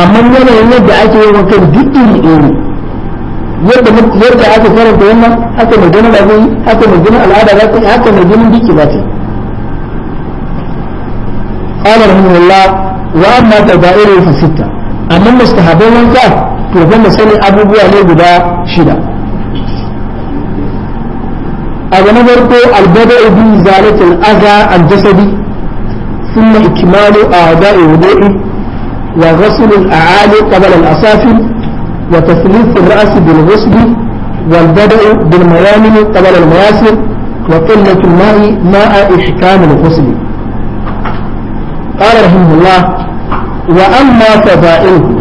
amma yanayin yadda ake yin wankan duk iri iri yadda yadda aka karanta wannan haka mai gina da zai haka mai gina al'ada ba ta yi haka mai gina biki ba ta yi قال رحمه الله وأما تبائره فستة أما مستحبين wanka to fa mu sani abubuwa ne guda shida أبو نبرك البدء بإزالة الأذى الجسدي ثم إكمال أعداء وضوء وغسل الأعالي قبل الأسافل وتثليث الرأس بالغسل والبدء بالميامن قبل المياسر وقلة الماء ماء إحكام الغسل قال رحمه الله وأما فضائله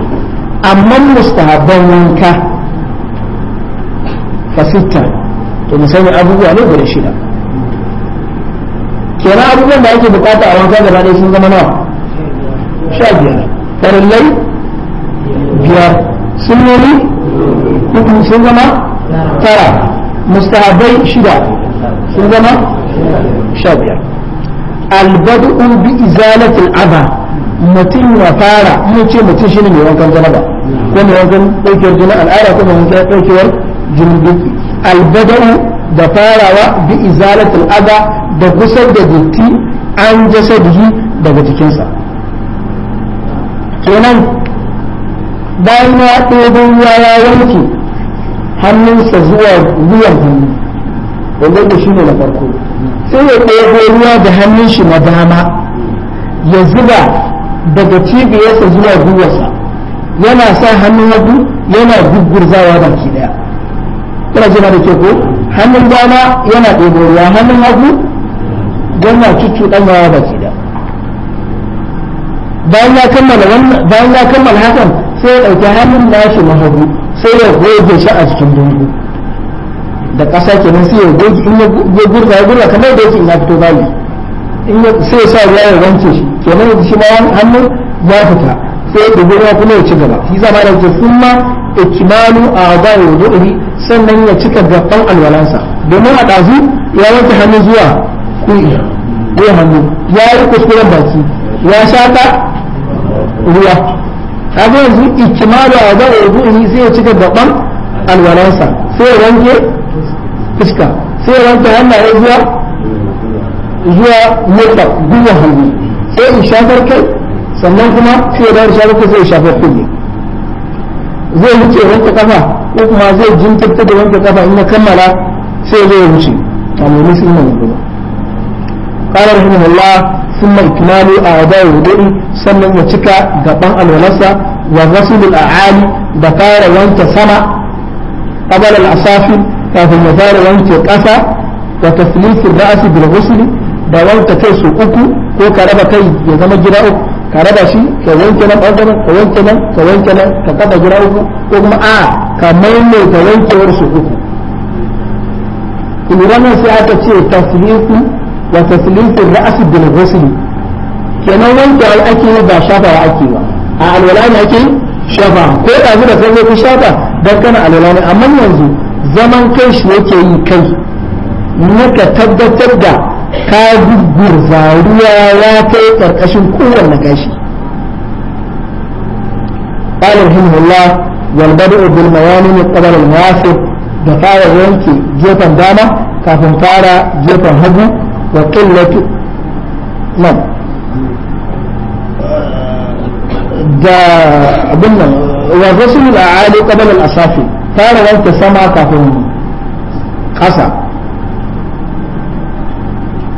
أما مستحبا منك فستة to mu sani abubuwa ne guda shida kenan abubuwan da ake bukata a wanka gaba ɗaya sun zama nawa sha biyar Farallai biyar sunnoni hudu sun zama tara mustahabai shida sun zama sha biyar albadu bi izalatil aba mutum ya fara mun ce mutum shine mai wankan janaba ko mai wankan daukewar jinin al'ada ko mai wankan daukewar jinin duki albada'u da farawa bi izalatul adha da kusa da datti an jasadihi daga cikinsa. kenan bayan ya ɗogo ruwa ya wanke hannunsa zuwa wuyan hannu wanda da shi ne na farko sai ya ɗogo ruwa da hannun shi na dama ya zuba daga cibiyarsa zuwa gwiwarsa yana sa hannun hagu yana gugurzawa baki ɗaya. kuna jira da ke ko hannun dama yana ɗebo ruwa hannun hagu don cuccuɗan yawa baki da bayan ya kammala wannan bayan ya kammala hakan sai ya ɗauki hannun nashi na hagu sai ya goge shi a cikin dungu da ƙasa kenan sai ya goge in ya gurza ya gurza kamar da yake in ya fito bayi in ya sai ya sa ruwa ya wanke shi kenan shi ma hannun ya fita sai ya ɗebo ruwa kuma ya ci gaba shi zama da ke sun ma Ikimalu ikmalu a'dha'i wudu'i sannan ya cika gaban alwalansa domin a dazu ya wanke hannu zuwa kuyi ko hannu ya yi kuskuren baki ya shata ruwa kaga yanzu ikmalu a'dha'i wudu'i sai ya cika gaban alwalansa sai ya wanke fuska sai ya wanke hannaye zuwa zuwa motsa gwiwa hannu sai in shafar kai sannan kuma sai ya dawo shafar kai sai ya shafar kulle zai wuce wanke kafa ko kuma zai jinkirta da wanke kafa in ya kammala sai zai wuce a mai sun nan zuwa ƙarar hannun Allah sun mai kimanu a wadayar wudai sannan ya cika gaban alwalarsa wa rasu da ɗa'ali da fara wanke sama ƙabar asafi, kafin ya fara wanke ƙasa da tafilisir ra'asi bilhusuri da wanka kai su uku ko ka raba kai ya zama gida uku ka raba shi ka wanke nan ɓangaren ka wanke nan ka wanke nan ka kafa gida uku ko kuma a ka maimaita wankewar su uku ranar sai aka ce tasliku wa tasliku ra'su bil ghusl kenan wanke al ake ba shafa wa ake ba a alwala ne ake shafa ko da zuwa sai ku shafa dan kana alwala ne amma yanzu zaman kai shi yake yi kai ne ka tabbatar da ka gugurza ruwa ya kai karkashin kowanne gashi قال رحمه الله والبدء ƙabar al المواسط da fara yanke gefen dama kafin fara gefen hagu wa qillatu nan da abin nan wa rasul yi aali ƙabar al-asafi fara wanke sama kafin ƙasa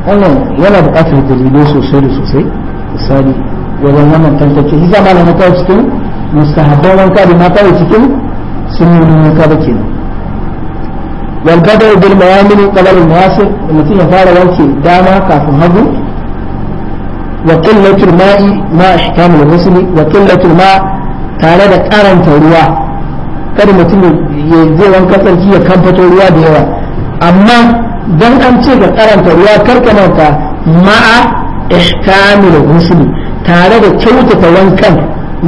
wannan yana buƙatar dalilai sosai da sosai misali wajen wannan tantance shi zama da mata cikin mustahabban wanka da mata da cikin sun yi sunnonin wanka ba kenan wal bada bil mayamin qabl al da mutum ya fara wanke dama kafin hagu wa qillatul ma'i ma ihkam al ghusl wa qillatul ma tare da karanta ruwa kada mutum ya je wanka sarki ya kamfato ruwa da yawa amma dan an ce ga karanta ruwa karka manta ma'a ihkamil ghusl tare da kyautata wankan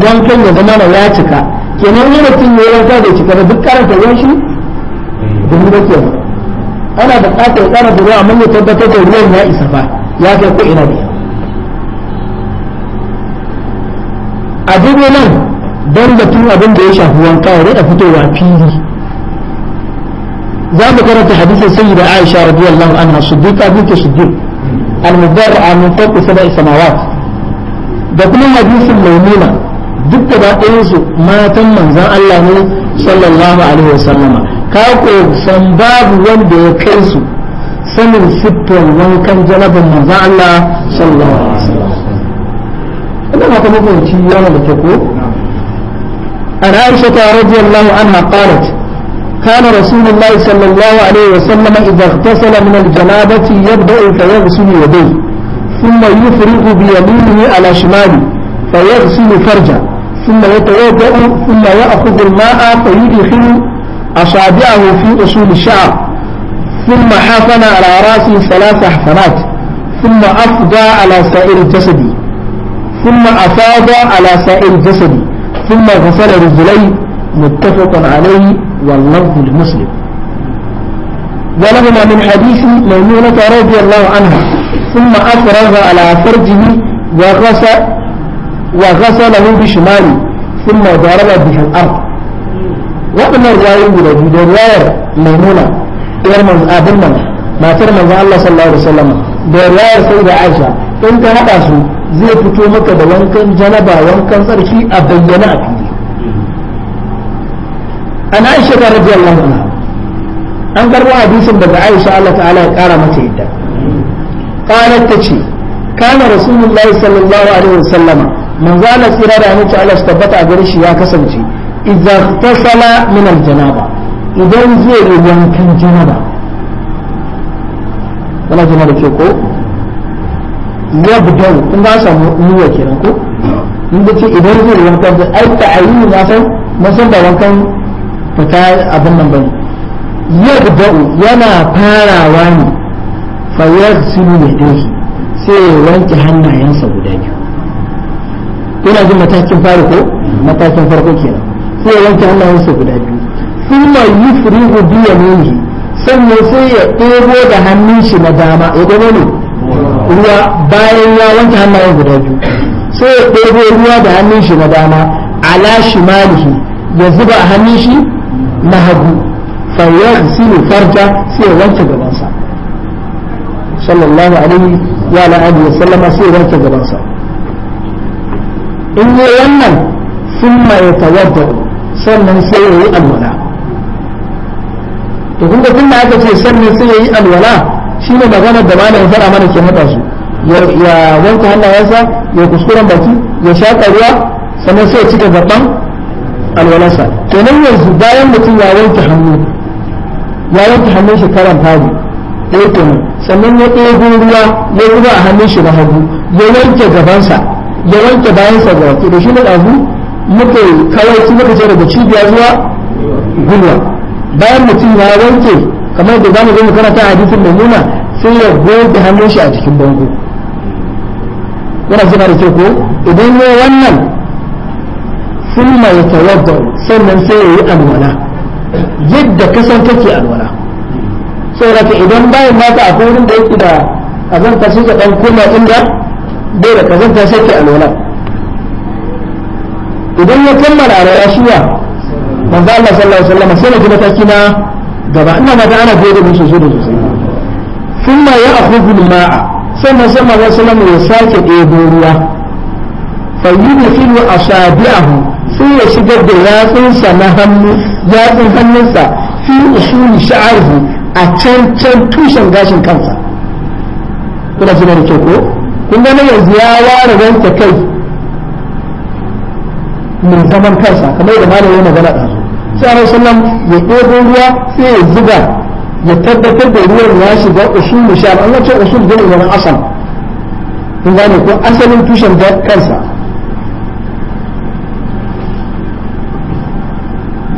wankan ya zama na ya cika kenan yana mutum ne wanka da cika da duk karanta ruwan shi gumi da ke ana buƙatar da ruwa amma ya tabbatar da ruwan ya isa ba, ya kai ko ina ne a dubo nan don batun abin da ya shafi wanka ya rika fitowa fili za mu karanta hadisin sayyida Aisha radiyallahu anha siddiqa bint siddiq al-mubarra min fawqi sab'i samawat da kuma hadisin maimuna duk da ɗayan su matan manzon Allah ne sallallahu alaihi wasallama ka ko san babu wanda ya kai su sanin siffar wankan janabin manzon Allah sallallahu alaihi wasallam Allah ma ta mabanci yana da ta ko an Aisha ta radiyallahu anha qalat كان رسول الله صلى الله عليه وسلم إذا اغتسل من الجنابة يبدأ فيغسل يديه ثم يفرغ بيمينه على شماله فيغسل فرجه ثم يتوضأ ثم يأخذ الماء فيدخل أصابعه في أصول الشعر ثم حفن على رأسه ثلاث حفنات ثم أفضى على سائر جسدي ثم أفاض على سائر جسدي ثم غسل رجليه متفق عليه واللفظ لمسلم ولهما من حديث ميمونة رضي الله عنها ثم أفرغ على فرجه وغسل وغسله بشماله ثم ضرب به الأرض وأنا رواية من رواية ميمونة إرمان أبن من ما ترمى الله صلى الله عليه وسلم رواية سيدة عائشة إنت هذا زي فتومك بوانكن جنبا وانكن صرشي أبينا أكيد an aisha ta radiyallahu anha an karbo hadisin daga aisha Allah ta'ala ya kara mata yadda qalat tace kana rasulullahi sallallahu alaihi wasallam manzo Allah tsira da mutu Allah su tabbata a gare shi ya kasance idza tasala min aljanaba idan zai yi wankan janaba kana jama'a da ke ko yabdau kun ba samu niyya kenan ko in ce idan zai yi wankan ai ta'ayyu na san na san da wankan fita abin nan bane yabda'u yana farawa ne fa yaghsilu yadayhi sai ya wanke hannayensa guda biyu yana jin matakin farko ko matakin farko kenan sai ya wanke hannayensa guda biyu thumma yufrigu bi yaminihi sannan sai ya ɗebo da hannun shi na dama ya ɗebo ne ruwa bayan ya wanke hannayen guda biyu sai ya ɗebo ruwa da hannun shi na dama ala shimalihi ya zuba a hannun shi na hagu fa yaghsilu farja sai ya wanke gabansa sallallahu alaihi wa ala wa wasallama sai ya wanke gabansa in yi wannan thumma yatawadda sannan sai ya yi alwala to kun ga tunda aka ce sannan sai ya yi alwala shine magana da ma malamin fara mana ke hada su ya wanke hannayensa ya kuskuren baki ya sha ruwa sannan sai ya cika gaban alwalarsa nan yanzu bayan mutum ya wanke hannu ya wanke hannun shi karan fari ɗaya kenan sannan ya ɗebo ruwa ya zuba a hannun shi na hagu ya wanke gabansa ya wanke bayansa ga wake da shi na ɗazu muka kawai su muka ce daga cibiya zuwa gulwa bayan mutum ya wanke kamar da zamu zo mu karanta a hadisin maimuna sai ya goge hannun shi a cikin bango yana jira da ke ko idan ya wannan sun mai tawadda sannan sai ya yi alwala yadda kasan kake alwala saboda idan bayan mata a wurin da yake da kazanta sai ka dan koma inda bai da kazanta sai ka alwala idan ya kammala alwala shiwa manzo Allah sallallahu alaihi sai ji na ana da sosai ثم يأخذ الماء sannan sai manzo sallallahu alaihi ya sake ɗebo ruwa sai ya shigar da yatsunsa na hannu yatsun hannunsa fi usuli sha'arhu a can can tushen gashin kansa kuna ji da ko kun ga yanzu ya ware kai mai zaman kansa kamar da malamin yana magana ɗazu sai alaihi sallam ya ɗebo ruwa sai ya zuba ya tabbatar da ruwan ya shiga usul sha'ar an wace usul gani na asal kun gane ko asalin tushen kansa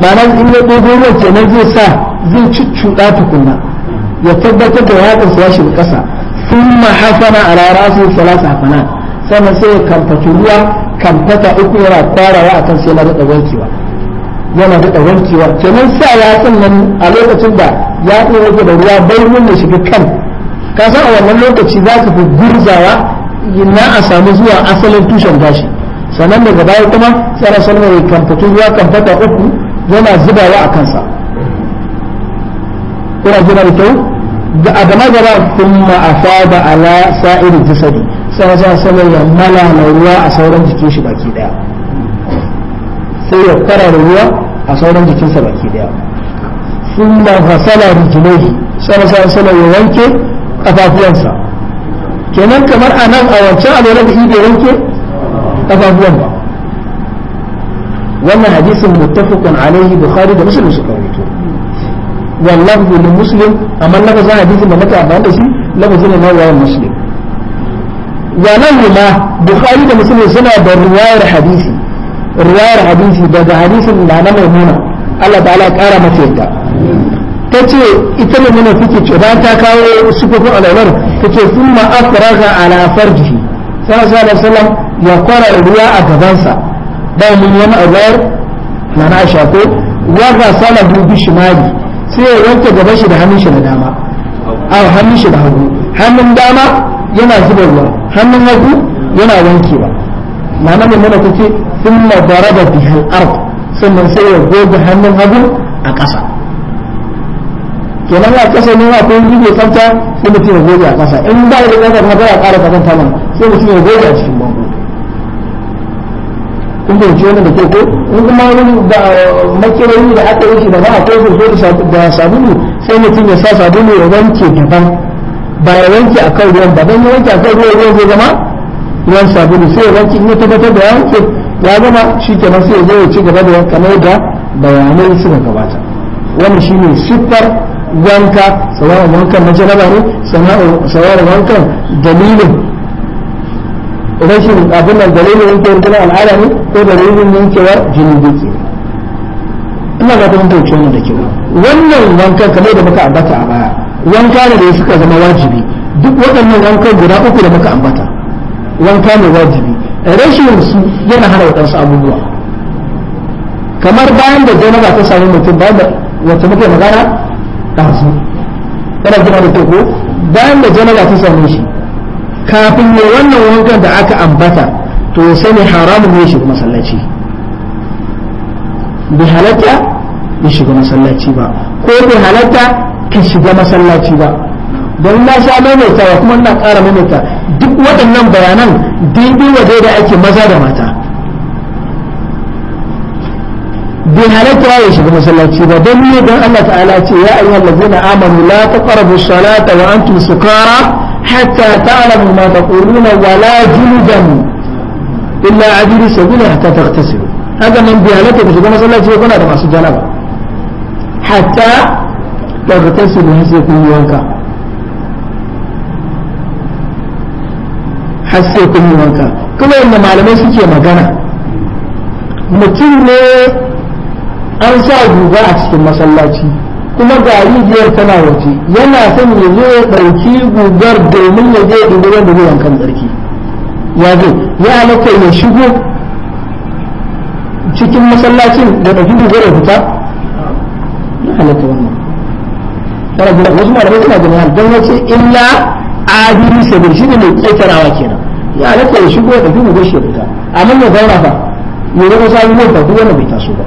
ma'ana in ya dogo nan kenan zai sa zai cuccuɗa tukunna ya tabbatar da yatsa ya shiga ƙasa thumma hafana ala ra'si salasa hafana sannan sai ya kamfata ruwa kamfata uku yana kwarawa akan sai yana daɗa wankewa yana daɗa wankewa kenan sa yatsun nan a lokacin da ya ɗora da ruwa bai mun da shiga kan kasa a wannan lokaci za ka fi gurzawa na a samu zuwa asalin tushen gashi sannan daga baya kuma tsara mai kamfatun ruwa kamfata uku yana zubawa a kansa ina gina da kyau da adama gaba kuma da ala sa'irin jisadi sai ya sanar ya na ruwa a sauran jikin shi baki daya sai ya fara ruwa a sauran jikinsa baki daya ma fasala rijlaihi sai ya sanar ya wanke kafafuwansa kenan kamar a nan a wancan alwala da ibe wanke kafafuwan ba wannan hadisin muttafaqun alaihi bukhari da muslim suka rawaito wallahu li muslim amma zan hadisin da muka amfani da shi lafazin na wayan muslim wannan ma bukhari da muslim suna da riwayar hadisi riwayar hadisi daga hadisin da na maimuna Allah ta'ala kara mata yadda ta ce ita ne mana kuke ce ba ta kawo sufufin al'amar ta ce sun ma'afiraga ala farjihi sallallahu alaihi wasallam ya kwara ruwa a gabansa da mun wani azar na na shako wa ga salahu bi shimali sai ya wanke gaba shi da hannun shi na dama a hannun shi da hagu hannun dama yana zuba ruwa hannun hagu yana wankewa ma'ana da mana kuke take thumma da bihal ard sannan sai ya goge hannun hagu a ƙasa kenan a ƙasa ne akwai gube tsafta sai mutum ya goge a ƙasa in ba da ƙasar na ba ya ƙara ƙazanta nan sai mutum ya goge a cikin bango kun fahimci wannan da ke ko in kuma wani da makirayi da aka yi shi da ba a kai ko da sabulu sai mutum ya sa sabulu ya wanke daban ba ya wanke a kan ruwan ba don ya wanke a kan ruwan ruwan zai zama ruwan sabulu sai ya wanke in ya tabbatar da ya wanke ya zama shi kenan sai ya zo ya ci gaba da kamar da bayanai suka gabata wannan shi ne siffar wanka sawara wankan na jaraba ne sawara wankan dalilin rashin abin nan dalilin yankin al'ada ne ko da rubin yankewar jinin duki ina ga tun wanke wannan da kyau wannan wankan kamar da muka ambata a baya wanka ne da suka zama wajibi duk waɗannan wankan guda uku da muka ambata wanka ne wajibi rashin su yana hana su abubuwa kamar bayan da janaba ta samu mutum bayan da wata muke magana ɗazu kana jira da ko bayan da janaba ta samu shi kafin ne wannan wankan da aka ambata to ya sani haramun ne shiga masallaci bi halatta ya shiga masallaci ba ko bi halatta ka shiga masallaci ba don na sha maimaitawa kuma na ƙara maimaita duk waɗannan bayanan daidai waje da ake maza da mata bi halatta ya shiga masallaci ba don ne don Allah ta'ala ce ya ayyuhal ladzina amanu la taqrabu salata wa antum sukara hatta ta'lamu ma taquluna wa la junudan illa ajiru sabila hatta taghtasilu haka nan bi halatta ku shiga masallaci ko kuna da masu janaba hatta taghtasilu har sai kun wanka har sai kun wanka kuma yadda malamai suke magana mutum ne an sa guga a cikin masallaci kuma ga rijiyar tana waje yana son ya zo ya ɗauki gugar domin ya je ɗin zai wankan tsarki wato ya halatta ya shigo cikin masallacin da ɗauki dubu da fita ya halatta wannan kana wasu da mahal don wace illa adiri sabir shi ne mai kenan ya halatta ya shigo ɗauki dubu fita amma zauna fa ya zama sa wannan bai taso ba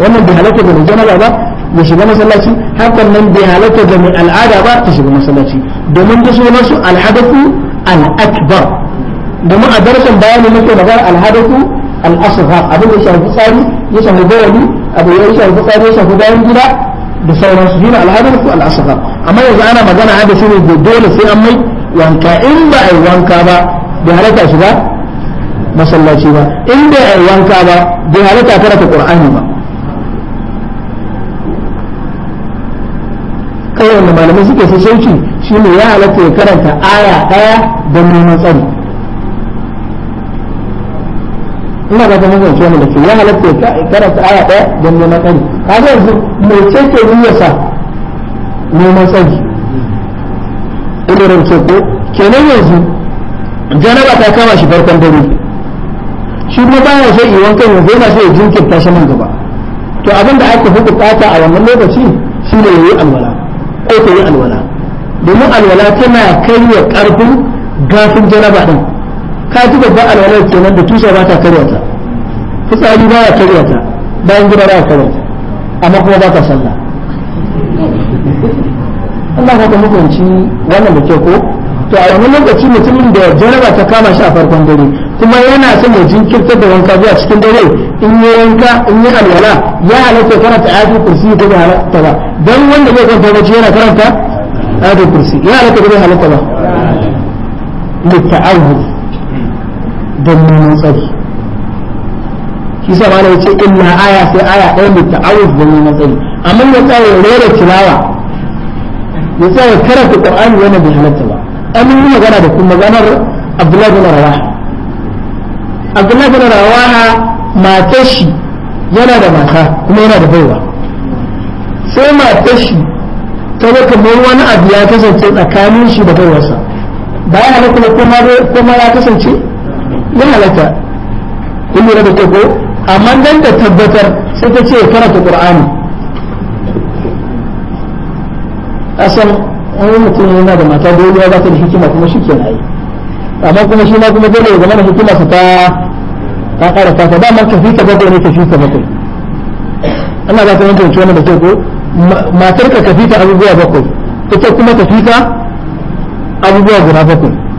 wannan bai halatta da ba ya shiga masallaci hakan nan bai halatta mai al'ada ba ta shiga masallaci domin ta sunan su alhadathu al-akbar domin a darasin bayani muke magana alhadathu al-asghar abin da ya shafi tsari ya shafi bayani abin da ya shafi tsari ya shafi bayan gida da sauransu shine alhadathu al-asghar amma yanzu ana magana hadasi ne da dole sai an mai wanka in ba ai wanka ba bai halatta shi ba masallaci ba in bai ai wanka ba bai halatta karanta qur'ani ba kawai wanda malamai suke sai shauki shine ya halatta ya karanta aya daya don neman tsari ina ba ta mazance mu da ke ya halatta ya karanta aya ɗaya don neman tsari kaga yanzu mai ce ke sa neman tsari ina da ce ko kenan yanzu janaba ta kama shi farkon dare shi kuma ya so yi wankan yanzu yana sai ya jinkirta shi nan gaba to abin da aka fi bukata a wannan lokaci ne yayi alwala ko ta yi alwala domin alwala tana karya karfin gafin janaba din ka ji babban alwalar kenan da tusa ba ta karya ta fitsari ba ya karya ta bayan gida ba ya karya ta amma kuma ba ta sallah Allah ka kuma fahimci wannan da ke ko to a wani lokaci mutumin da jaraba ta kama shi a farkon dare kuma yana son ya jinkirtar da wanka zuwa cikin dare in yi wanka in yi alwala ya halatta karanta ayatul kursi ko da halatta ba dan wanda zai kwanta bacci yana karanta ayatul kursi ya halatta ba halatta ba litta'awud tsari shi sa malam yace inna aya sai aya ɗaya mai ta'awuz da neman tsari amma ya tsaya ya rera tilawa ya tsaya ya karanta qur'ani yana bai halatta ba an yi magana da kuma maganar abdullahi bin rawah abdullahi bin rawaha matar shi yana da mata kuma yana da baiwa sai matar shi ta ga kamar wani abu ya kasance tsakanin shi da baiwarsa ba ya ko kuma ya kasance ya halatta kun lura da ko amma dan ta tabbatar sai ta ce karanta qur'ani asan wani mutum yana da mata dole ya zata da hikima kuma shi ke nayi amma kuma shi ma kuma dole ya zama da hikima ta ta ta da ta bakwai ne ta Allah za ta wannan da ke ko matar ka kafi ta abubuwa bakwai ita kuma ta abubuwa guda bakwai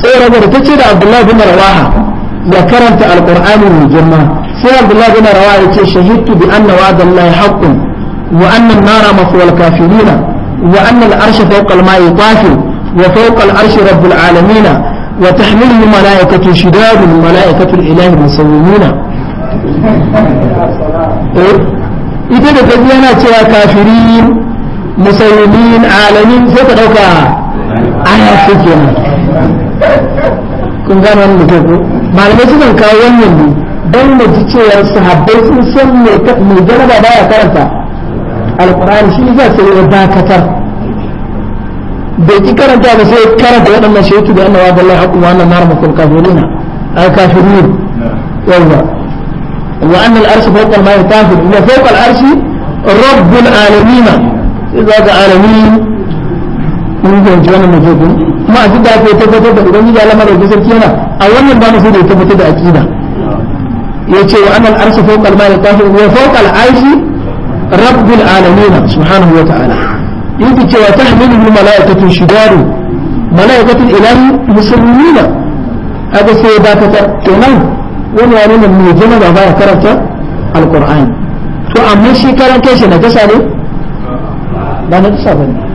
sai rabar ta ce da abdullahi bin rawaha da karanta alqur'ani mai girma sai abdullahi bin rawaha ya ce shahidtu bi anna wa'dallahi haqqun wa anna an-nara mafwal kafirina wa anna al-arsha fawqa al-ma'i tafi wa fawqa al-arshi rabbul alamin wa tahmiluhu malaikatu shidadun malaikatu al-ilahi musawwimina ita da ta yana cewa kafirin musawwimin alamin sai ta dauka aya su kenan kun gano wannan ke ko malamai sukan kawo wannan ne dan mu ji cewa sahabbai sun san me me jaraba baya karanta alqur'ani shi ne sai ya dakatar bai ki karanta ba sai karanta waɗannan shaitu da annabawa billahi haqqu wa anna nar mukul kafirina al kafirun yawa wa anna al arsh fawqa al ma'i kafir wa fawqa al arsh rabbul alamin إذا قال آلمين mun fahimci wannan mutum kuma a cikin da aka tabbatar da ubangiji alamar da sarki yana a wannan ba mu sai da ya tabbatar da aqida yace wa annal arshu fawqa al-ma'i qahu wa fawqa arshi rabbul alamin subhanahu wa ta'ala yake cewa tahmilu malaikatu shidaru malaikatu ilahi muslimina aga sai da ta kenan wani ya nuna mai jama ba ya karanta alqur'ani to amma shi karanta shi na kasa ne ba na kasa bane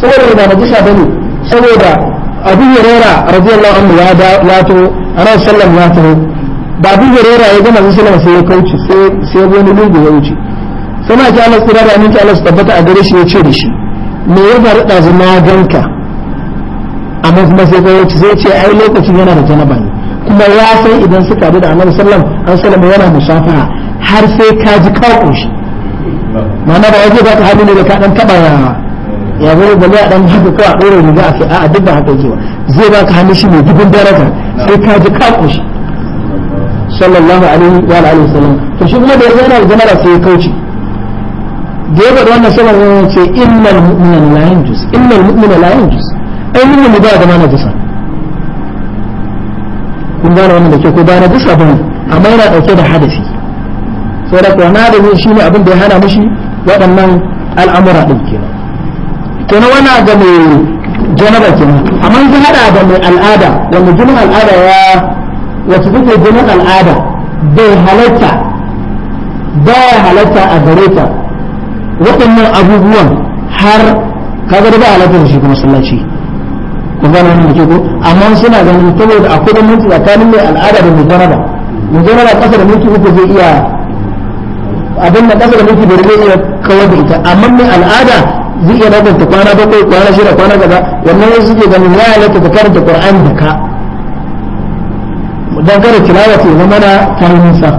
saboda ba najasa bane saboda abu hurairah radiyallahu anhu ya da ya to annabi sallallahu alaihi wasallam ba abu hurairah ya gama sallallahu sai ya kauce sai sai wani lungu ya wuce sai ma ji Allah subhanahu wa ta'ala su tabbata a gare shi ya ce da shi me ya faru da zama ganka amma kuma sai ka wuce sai ce ai lokacin yana da janaba ne kuma ya san idan suka haɗu da annabi sallam an sallama yana musafaha har sai ka ji ka koshi ma'ana ba waje ba ka hannu ne da ka dan taba ya zai da ya dan haka ko a dore za a ce a duk ba haka yake ba ka hannu shi mai dubin daraja sai ka ji ka koshi sallallahu alaihi wa alihi wasallam to shi kuma da ya zauna da jama'a sai ya kauce da ya faɗi wannan sabar ne ce innal mu'mina la yanjus innal mu'mina la yanjus ai mu'min ba da mana jisa kun gane wannan da ke ko ba na jisa ba amma yana dauke da hadasi sai da na da shi ne abin da ya hana mishi waɗannan al'amura ɗin ke to na wana ga mai janaba kenan amma in hada da mai al'ada wanda jinin al'ada ya wacce take jinin al'ada bai halatta ya halatta a gare ta waɗannan abubuwan har kaga da ba halatta da shi kuma sallaci kun gane wannan ke ko amma suna ganin saboda akwai da minti tsakanin mai al'ada da mai janaba mai janaba kasa da minti uku zai iya abin da kasa da minti bari zai iya kawar da ita amma mai al'ada zai iya rabanta kwana bakwai kwana shida kwana kaza wannan wasu suke ganin ya halatta ka karanta qur'ani da ka dan kada tilawa ta zama na tarin nisa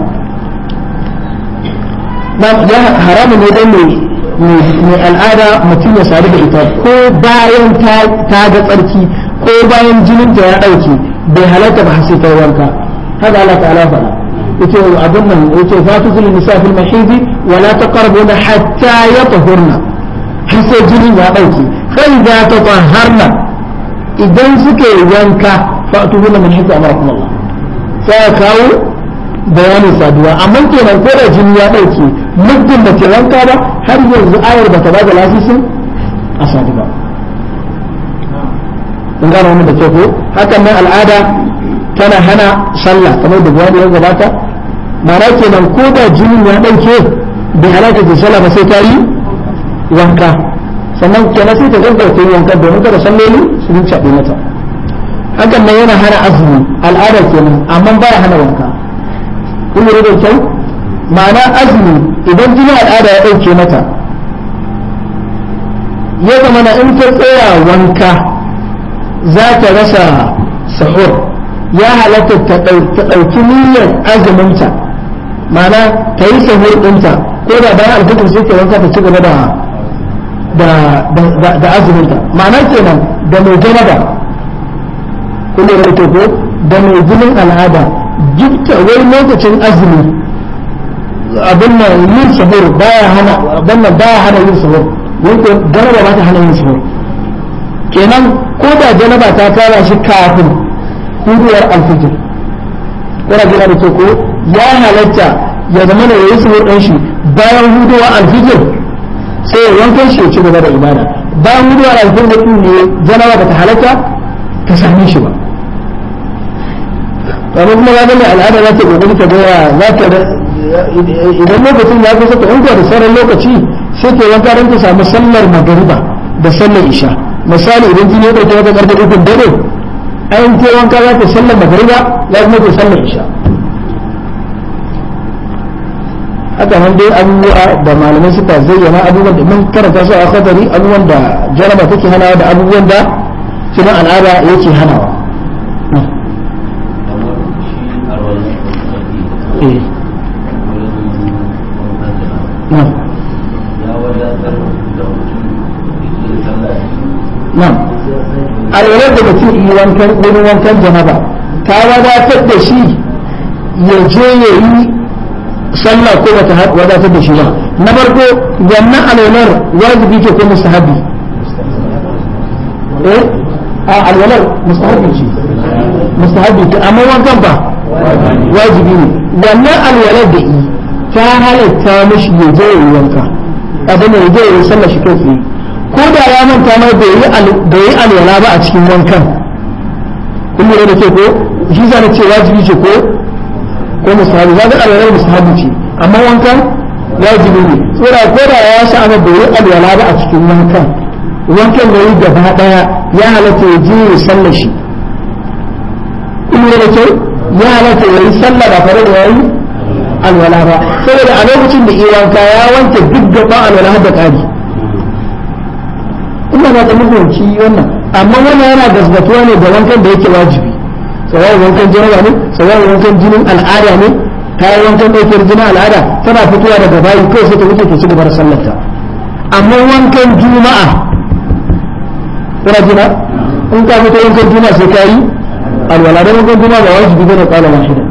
ya haramu ne dan mai al'ada mutum ya sadu da ita ko bayan ta ga tsarki ko bayan jinin ta ya dauke bai halatta ba sai ta wanka haka Allah ta'ala faɗa yace abun nan yace fa tuzul nisa mahidi wa taqrabuna hatta yatahurna har sai jinin ya ɗauke fai za ta tsaharna idan suke yi yanka fa'atu hula min haifu amara kuma sai a kawo bayanin saduwa amma kenan ko da jini ya ɗauke muddin ba ke wanka ba har yanzu ayar ba ta ba da lasisin a sadu ba in gano wani da ke ko hakan nan al'ada tana hana sallah kamar da bayani ya gabata ma'ana kenan ko da jinin ya ɗauke bai halaka ke sallah ba sai ta yi wanka sannan kenan sai ta gaggauta ta yi wanka domin kada salloli su rinca ɗi mata hakan nan yana hana azumi al'ada kenan amma ba hana wanka kun lura da kyau ma'ana azumi idan jini al'ada ya ɗauke mata ya zama na in ta tsaya wanka za ta rasa sahur ya halatta ta ɗauki niyyar azuminta ma'ana ta yi sahur ɗinta ko da bayan alfitar sai ta wanka ta ci gaba da da azuminta ma'ana kenan da mai janaba kullum da ko da mai jinin al'ada duk wai lokacin azumi abin nan yin sahur baya hana abin nan baya hana yin sahur wanda janaba ba ta hana yin sahur kenan ko da janaba ta tara shi kafin huduwar alfijir kuna jira da ke ko ya halatta ya zama da yayi sahur din shi bayan huduwar alfijir sai wankan shi ya ci gaba da ibada bayan mutuwar alfin ne janawa ba ta halatta ta same shi ba kamar kuma ga gane al'ada za ta kokari ta gaya za ta idan lokacin ya kusa ta wanka da sauran lokaci sai ta wanka don ta samu sallar magariba da sallar isha misali idan jini ya ɗauke wata ƙarfe ukun dare ainihin ta wanka za ta sallar magariba za ta sallar isha haka nan dai abubuwa da malamai suka zayyana abubuwan da mun karanta su a khatari abubuwan da jaraba take hanawa da abubuwan da kiran al'ada yake hanawa alwalar da mutum yi wankan wani wankan janaba ta wadatar da shi ya je ya yi sallah ko bata wadatar da shi ba na farko wannan alwalar wajibi ke ko mustahabi eh a alwalar mustahabi ce mustahabi ce amma wankan ba wajibi ne wannan alwalar da yi ta halatta mishi ya je yi wanka abin da ya je yi sallah shi kai ko da ya manta ma bai yi alwala ba a cikin wankan kun da ke ko shi zana ce wajibi ce ko ko musahabi za ga alwala musahabi ce amma wankan wajibi ne tsira ko da ya sha amma bai yi alwala a cikin wankan wankan da yi gaba daya ya halatta ya je ya sallar shi in da ke ya halatta ya yi sallah ba fara da yayi alwala ba saboda a lokacin da iwanka ya wanke duk gaba alwala da kari ina ba ta muhimmanci wannan amma wannan yana gasgatuwa ne da wankan da yake wajibi sawai wankan jaraba ne sawai wankan jinin al'ada ne ta yi wankan ɗaukar jinin al'ada tana fitowa daga bayi kawai sai ta wuce ta ci gaba da sallarta amma wankan juma'a kuna jina in ka fito wankan juma'a sai ka yi alwala da wankan juma'a ba wajibi bane kala wahida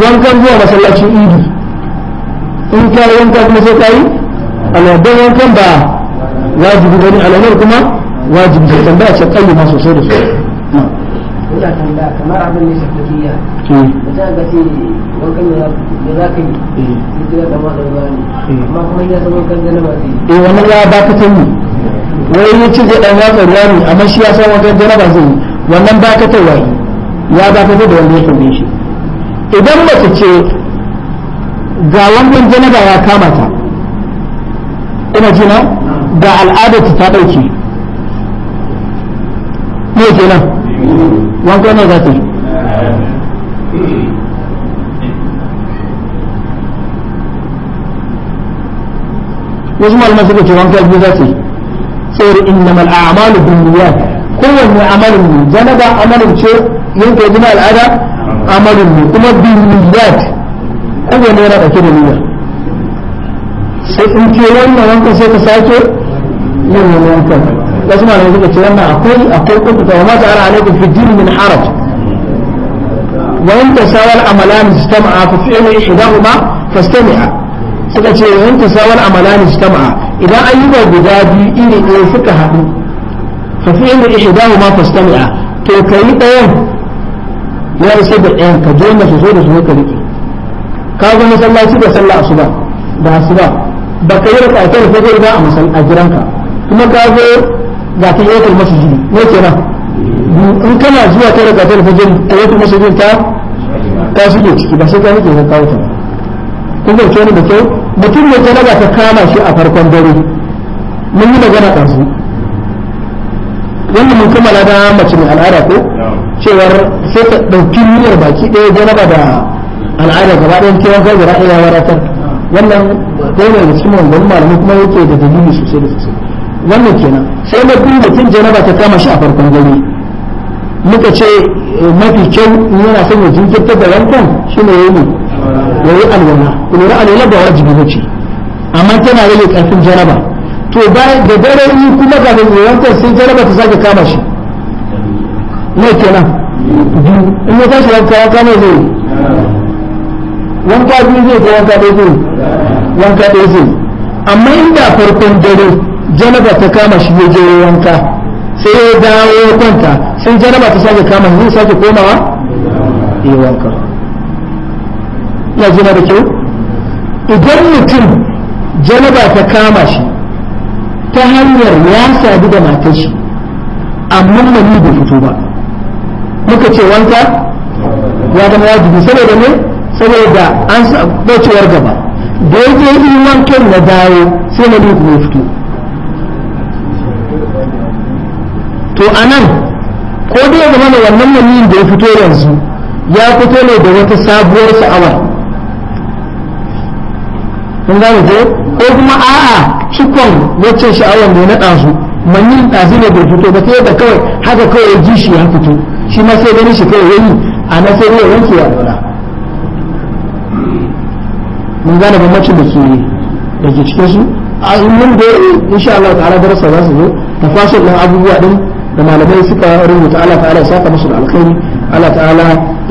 wankan zuwa masallacin idi in ka yi wanka kuma sai ka yi alwala don wankan ba wajibi bane alwala kuma wajibi sai tambaya ce kalli ma sosai da sosai ina tambaya kamar ta hmm. yi ya hmm. hmm. zai eh wannan ya ya ce zai ne amma shi ya san janaba zai yi wannan ba ka tawa ya ba ka da wani ya tambaye shi idan mace ce ga wannan janaba ya kama ta ina jina ga al'adarta ta ɗauke ne kenan وان كان ذاتي وجمع المسجد وان كان ذاتي سير إنما الأعمال بالنيات كل من أعمال من جنب أعمال بشيء ينكى جمع الأداء أعمال من ثم بالنيات أنه لا يرى أكيد النية سيئن كيوان وانك سيتساكر لن يرى أكيد wasu malamai suka ce wannan akwai akwai kuntuta wa mata ala alaikum fi din min haraj wa in tasawal amalan istama'a fa fi'lu ihdahuma fastami'a suka ce wa in tasawal amalan istama'a idan ayyuka guda biyu iri ɗaya suka haɗu fa fi'lu ihdahuma fastami'a to kai ɗayan ya isa da ɗayan ka je na so da so ka riƙe ka ga masallaci da sallah asuba da asuba ba ka yi raka'a ta da fajr ba a masallaci a jiranka kuma ka zo ga ta yi kalmar sujudi ne kenan in kana zuwa ta raka ta alfajir ta yi kalmar sujudi ta ta shige ciki ba sai ka nake ka kawo ta kun ga wani da kyau mutum ne ta kama shi a farkon dare mun yi magana ɗansu wannan mun kammala da mace mai al'ada ko cewar sai ta ɗauki niyyar baki ɗaya jaraba da al'ada gaba ɗayan kewan kai gaba ya wadatar wannan ɗaya ne da kuma yake da dalili sosai da sosai wannan kenan sai na biyu mutum janaba ta kama shi a farkon gari muka ce eh, mafi kyau yana son ya jinkirta da wankan shi ne ya yi ya yi alwala lura alwala ba wajibi ba ce amma tana rage karfin jaraba to bayan da dare in kuma ga da wankan sai jaraba ta sake kama shi ne kenan in ya tashi wanka ya kama zai wanka biyu zai ko wanka ɗaya zai wanka ɗaya zai amma inda farkon dare janaba ta kama shi ya je wanka sai ya dawo ya kwanta sai janaba ta sake kama shi zai sake komawa ya wanka ya jina da kyau idan mutum janaba ta kama shi ta hanyar ya sadu da matar shi amma mani bai fito ba muka ce wanka ya zama jibi saboda ne saboda an sa bacewar gaba da yake yi wankan na dawo sai mani bai fito to a nan ko dai zama da wannan maniyin da ya fito yanzu ya fito ne da wata sabuwar sha'awa kun gane ko ko kuma a'a cikon waccan sha'awar da na ɗazu maniyin ɗazu ne bai fito ba sai da kawai haka kawai ya ji shi ya fito shi ma sai ganin shi kawai yayi a na sai ya wanke ya dola mun gane mace da ke da ke cikin su a mun da insha Allah ta'ala darasa za su zo ta fashe ɗin abubuwa ɗin da malamai suka rubuta Allah ta'ala ya saka musu da alkhairi Allah ta'ala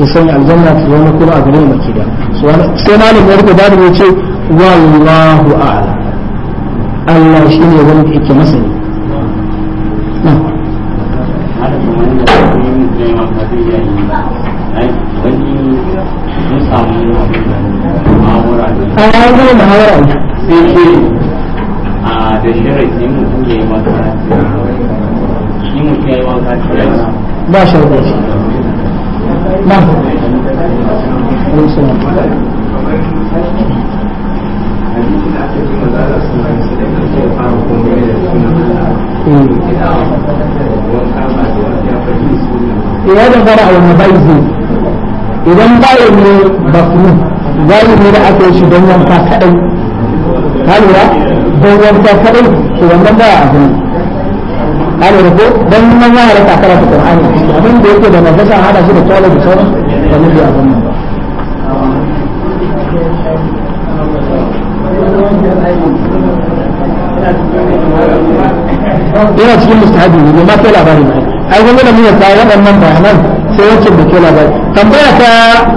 ya sanya aljanna ta zama kuma a gare mu baki da su sai malam ya rubuta da ce wallahu a'lam Allah shi ne wanda yake masani a ya zama muhawara sai ke a da shirin ne mutum ya yi makaranta ba shaudu na da fara eh. a wani baizi idan bayan ne bafu zalimi da aka yi shi don wanka kadai ka lura don wanka kadai to ba a gani an rubo dan nan ya halatta karanta Qur'ani abin da yake da nafasa hada shi da tawala da sauran wani da abin nan yana cikin mustahabi ne ma ke labari ne ai gwamnati da mun sai waɗannan bayanan sai wacce da ke labari tambaya ta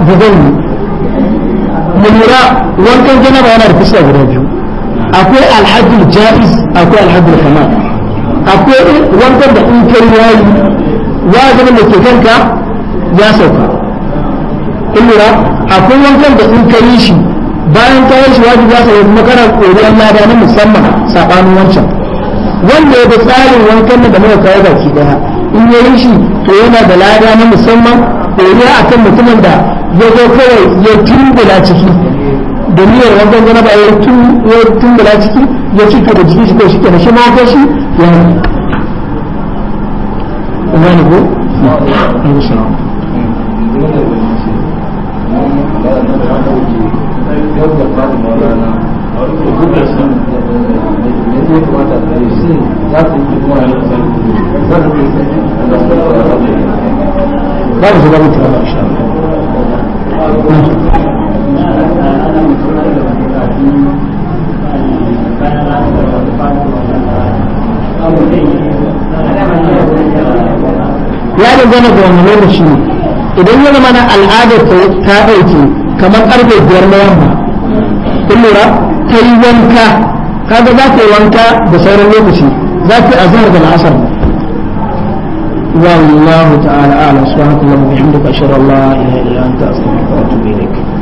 gudan mu lura wankan janaba yana guda biyu akwai alhajjul ja'iz akwai alhajjul kamal akwai wankan da in kai yayi wajibin da ke kanka ya sauka in lura akwai wankan da in kai shi bayan yi shi wajibi ya sauka kuma kana koyon lada na musamman sabanin wancan wanda ya bi tsarin wankan da muka kawo baki daya in yayi shi to yana da lada na musamman koyo akan mutumin da ya zo kawai ya tumbula ciki domin niyyar wankan gana ba ya tumbula ciki ya cika da jiki shi ko shi kenan shi ma ko shi gane ko? Vamos jogar muito trabalho, Charles. dangane da wani lokaci idan yana mana al'adar ta ɗauke kamar karfe biyar na yamma kun lura ta yi wanka kaga za ta yi wanka da sauran lokaci za ta yi azhar da la'asar والله تعالى اعلم سبحانك اللهم وبحمدك اشهد ان لا اله الا انت استغفرك واتوب اليك